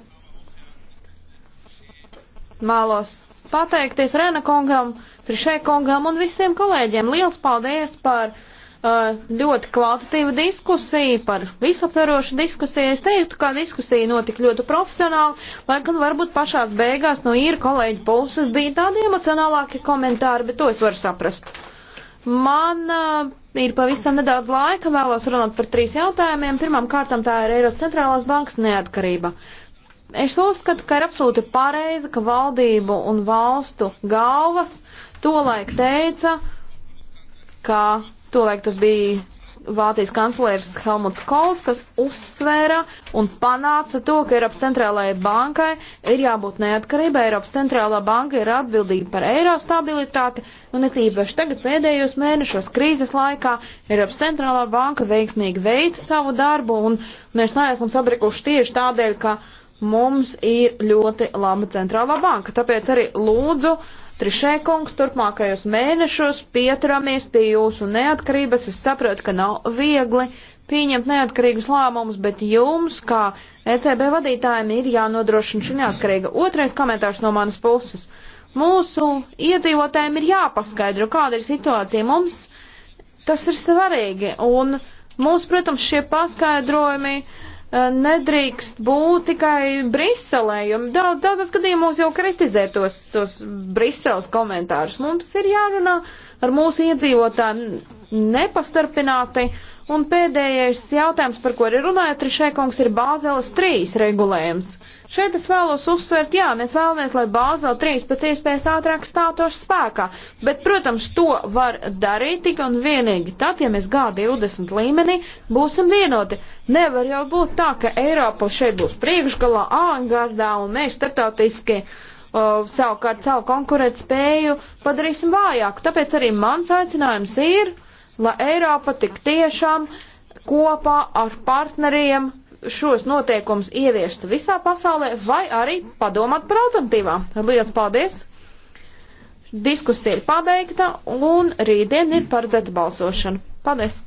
Mālos pateikties Rena kungam Trišai kungam un visiem kolēģiem. Liels paldies par uh, ļoti kvalitatīvu diskusiju, par visaptverošu diskusiju. Es teiktu, ka diskusija notika ļoti profesionāli, lai gan varbūt pašās beigās no īra kolēģa puses bija tādi emocionālāki komentāri, bet to es varu saprast. Man uh, ir pavisam nedaudz laika, vēlos runāt par trīs jautājumiem. Pirmām kārtām tā ir Eiropas centrālās bankas neatkarība. Es uzskatu, ka ir absolūti pareizi, ka valdību un valstu galvas tolaik teica, ka tolaik tas bija Vācijas kanclers Helmuts Kols, kas uzsvēra un panāca to, ka Eiropas centrālajai bankai ir jābūt neatkarībai, Eiropas centrālā banka ir atbildīga par eiro stabilitāti, un it īpaši tagad pēdējos mēnešos krīzes laikā Eiropas centrālā banka veiksmīgi veica savu darbu, un mēs neesam sabrikuši tieši tādēļ, ka mums ir ļoti laba centrālā banka. Tāpēc arī lūdzu uh, Trišē kungs, turpmākajos mēnešos pieturamies pie jūsu neatkarības. Es saprotu, ka nav viegli pieņemt neatkarīgus lēmumus, bet jums, kā ECB vadītājiem, ir jānodrošina šī neatkarīga. Otrais komentārs no manas puses. Mūsu iedzīvotājiem ir jāpaskaidro, kāda ir situācija. Mums tas ir svarīgi, un mums, protams, šie paskaidrojumi uh, Eh, nedrīkst būt tikai Briselē, jo daudz, daudzos gadījumos jau kritizē tos, tos Briseles komentārus. Mums ir jārunā ar mūsu iedzīvotājiem nepastarpināti Un pēdējais jautājums, par ko arī runāja Trišēkungs, ir Bāzeles 3 regulējums. Šeit es vēlos uzsvērt, jā, mēs vēlamies, lai Bāzela 3 pēc iespējas ātrāk stātos spēkā, bet, protams, to var darīt tikai un vienīgi tad, ja mēs G20 līmenī būsim vienoti. Nevar jau būt tā, ka Eiropa šeit būs priekšgalā, āngardā un mēs startautiski savukārt savu konkurēt spēju padarīsim vājāku. Tāpēc arī mans aicinājums ir lai Eiropa tik tiešām kopā ar partneriem šos noteikumus ieviestu visā pasaulē, vai arī padomāt par alternatīvām. Lielas paldies! Diskusija ir pabeigta, un rītdien ir paredzēta balsošana. Paldies!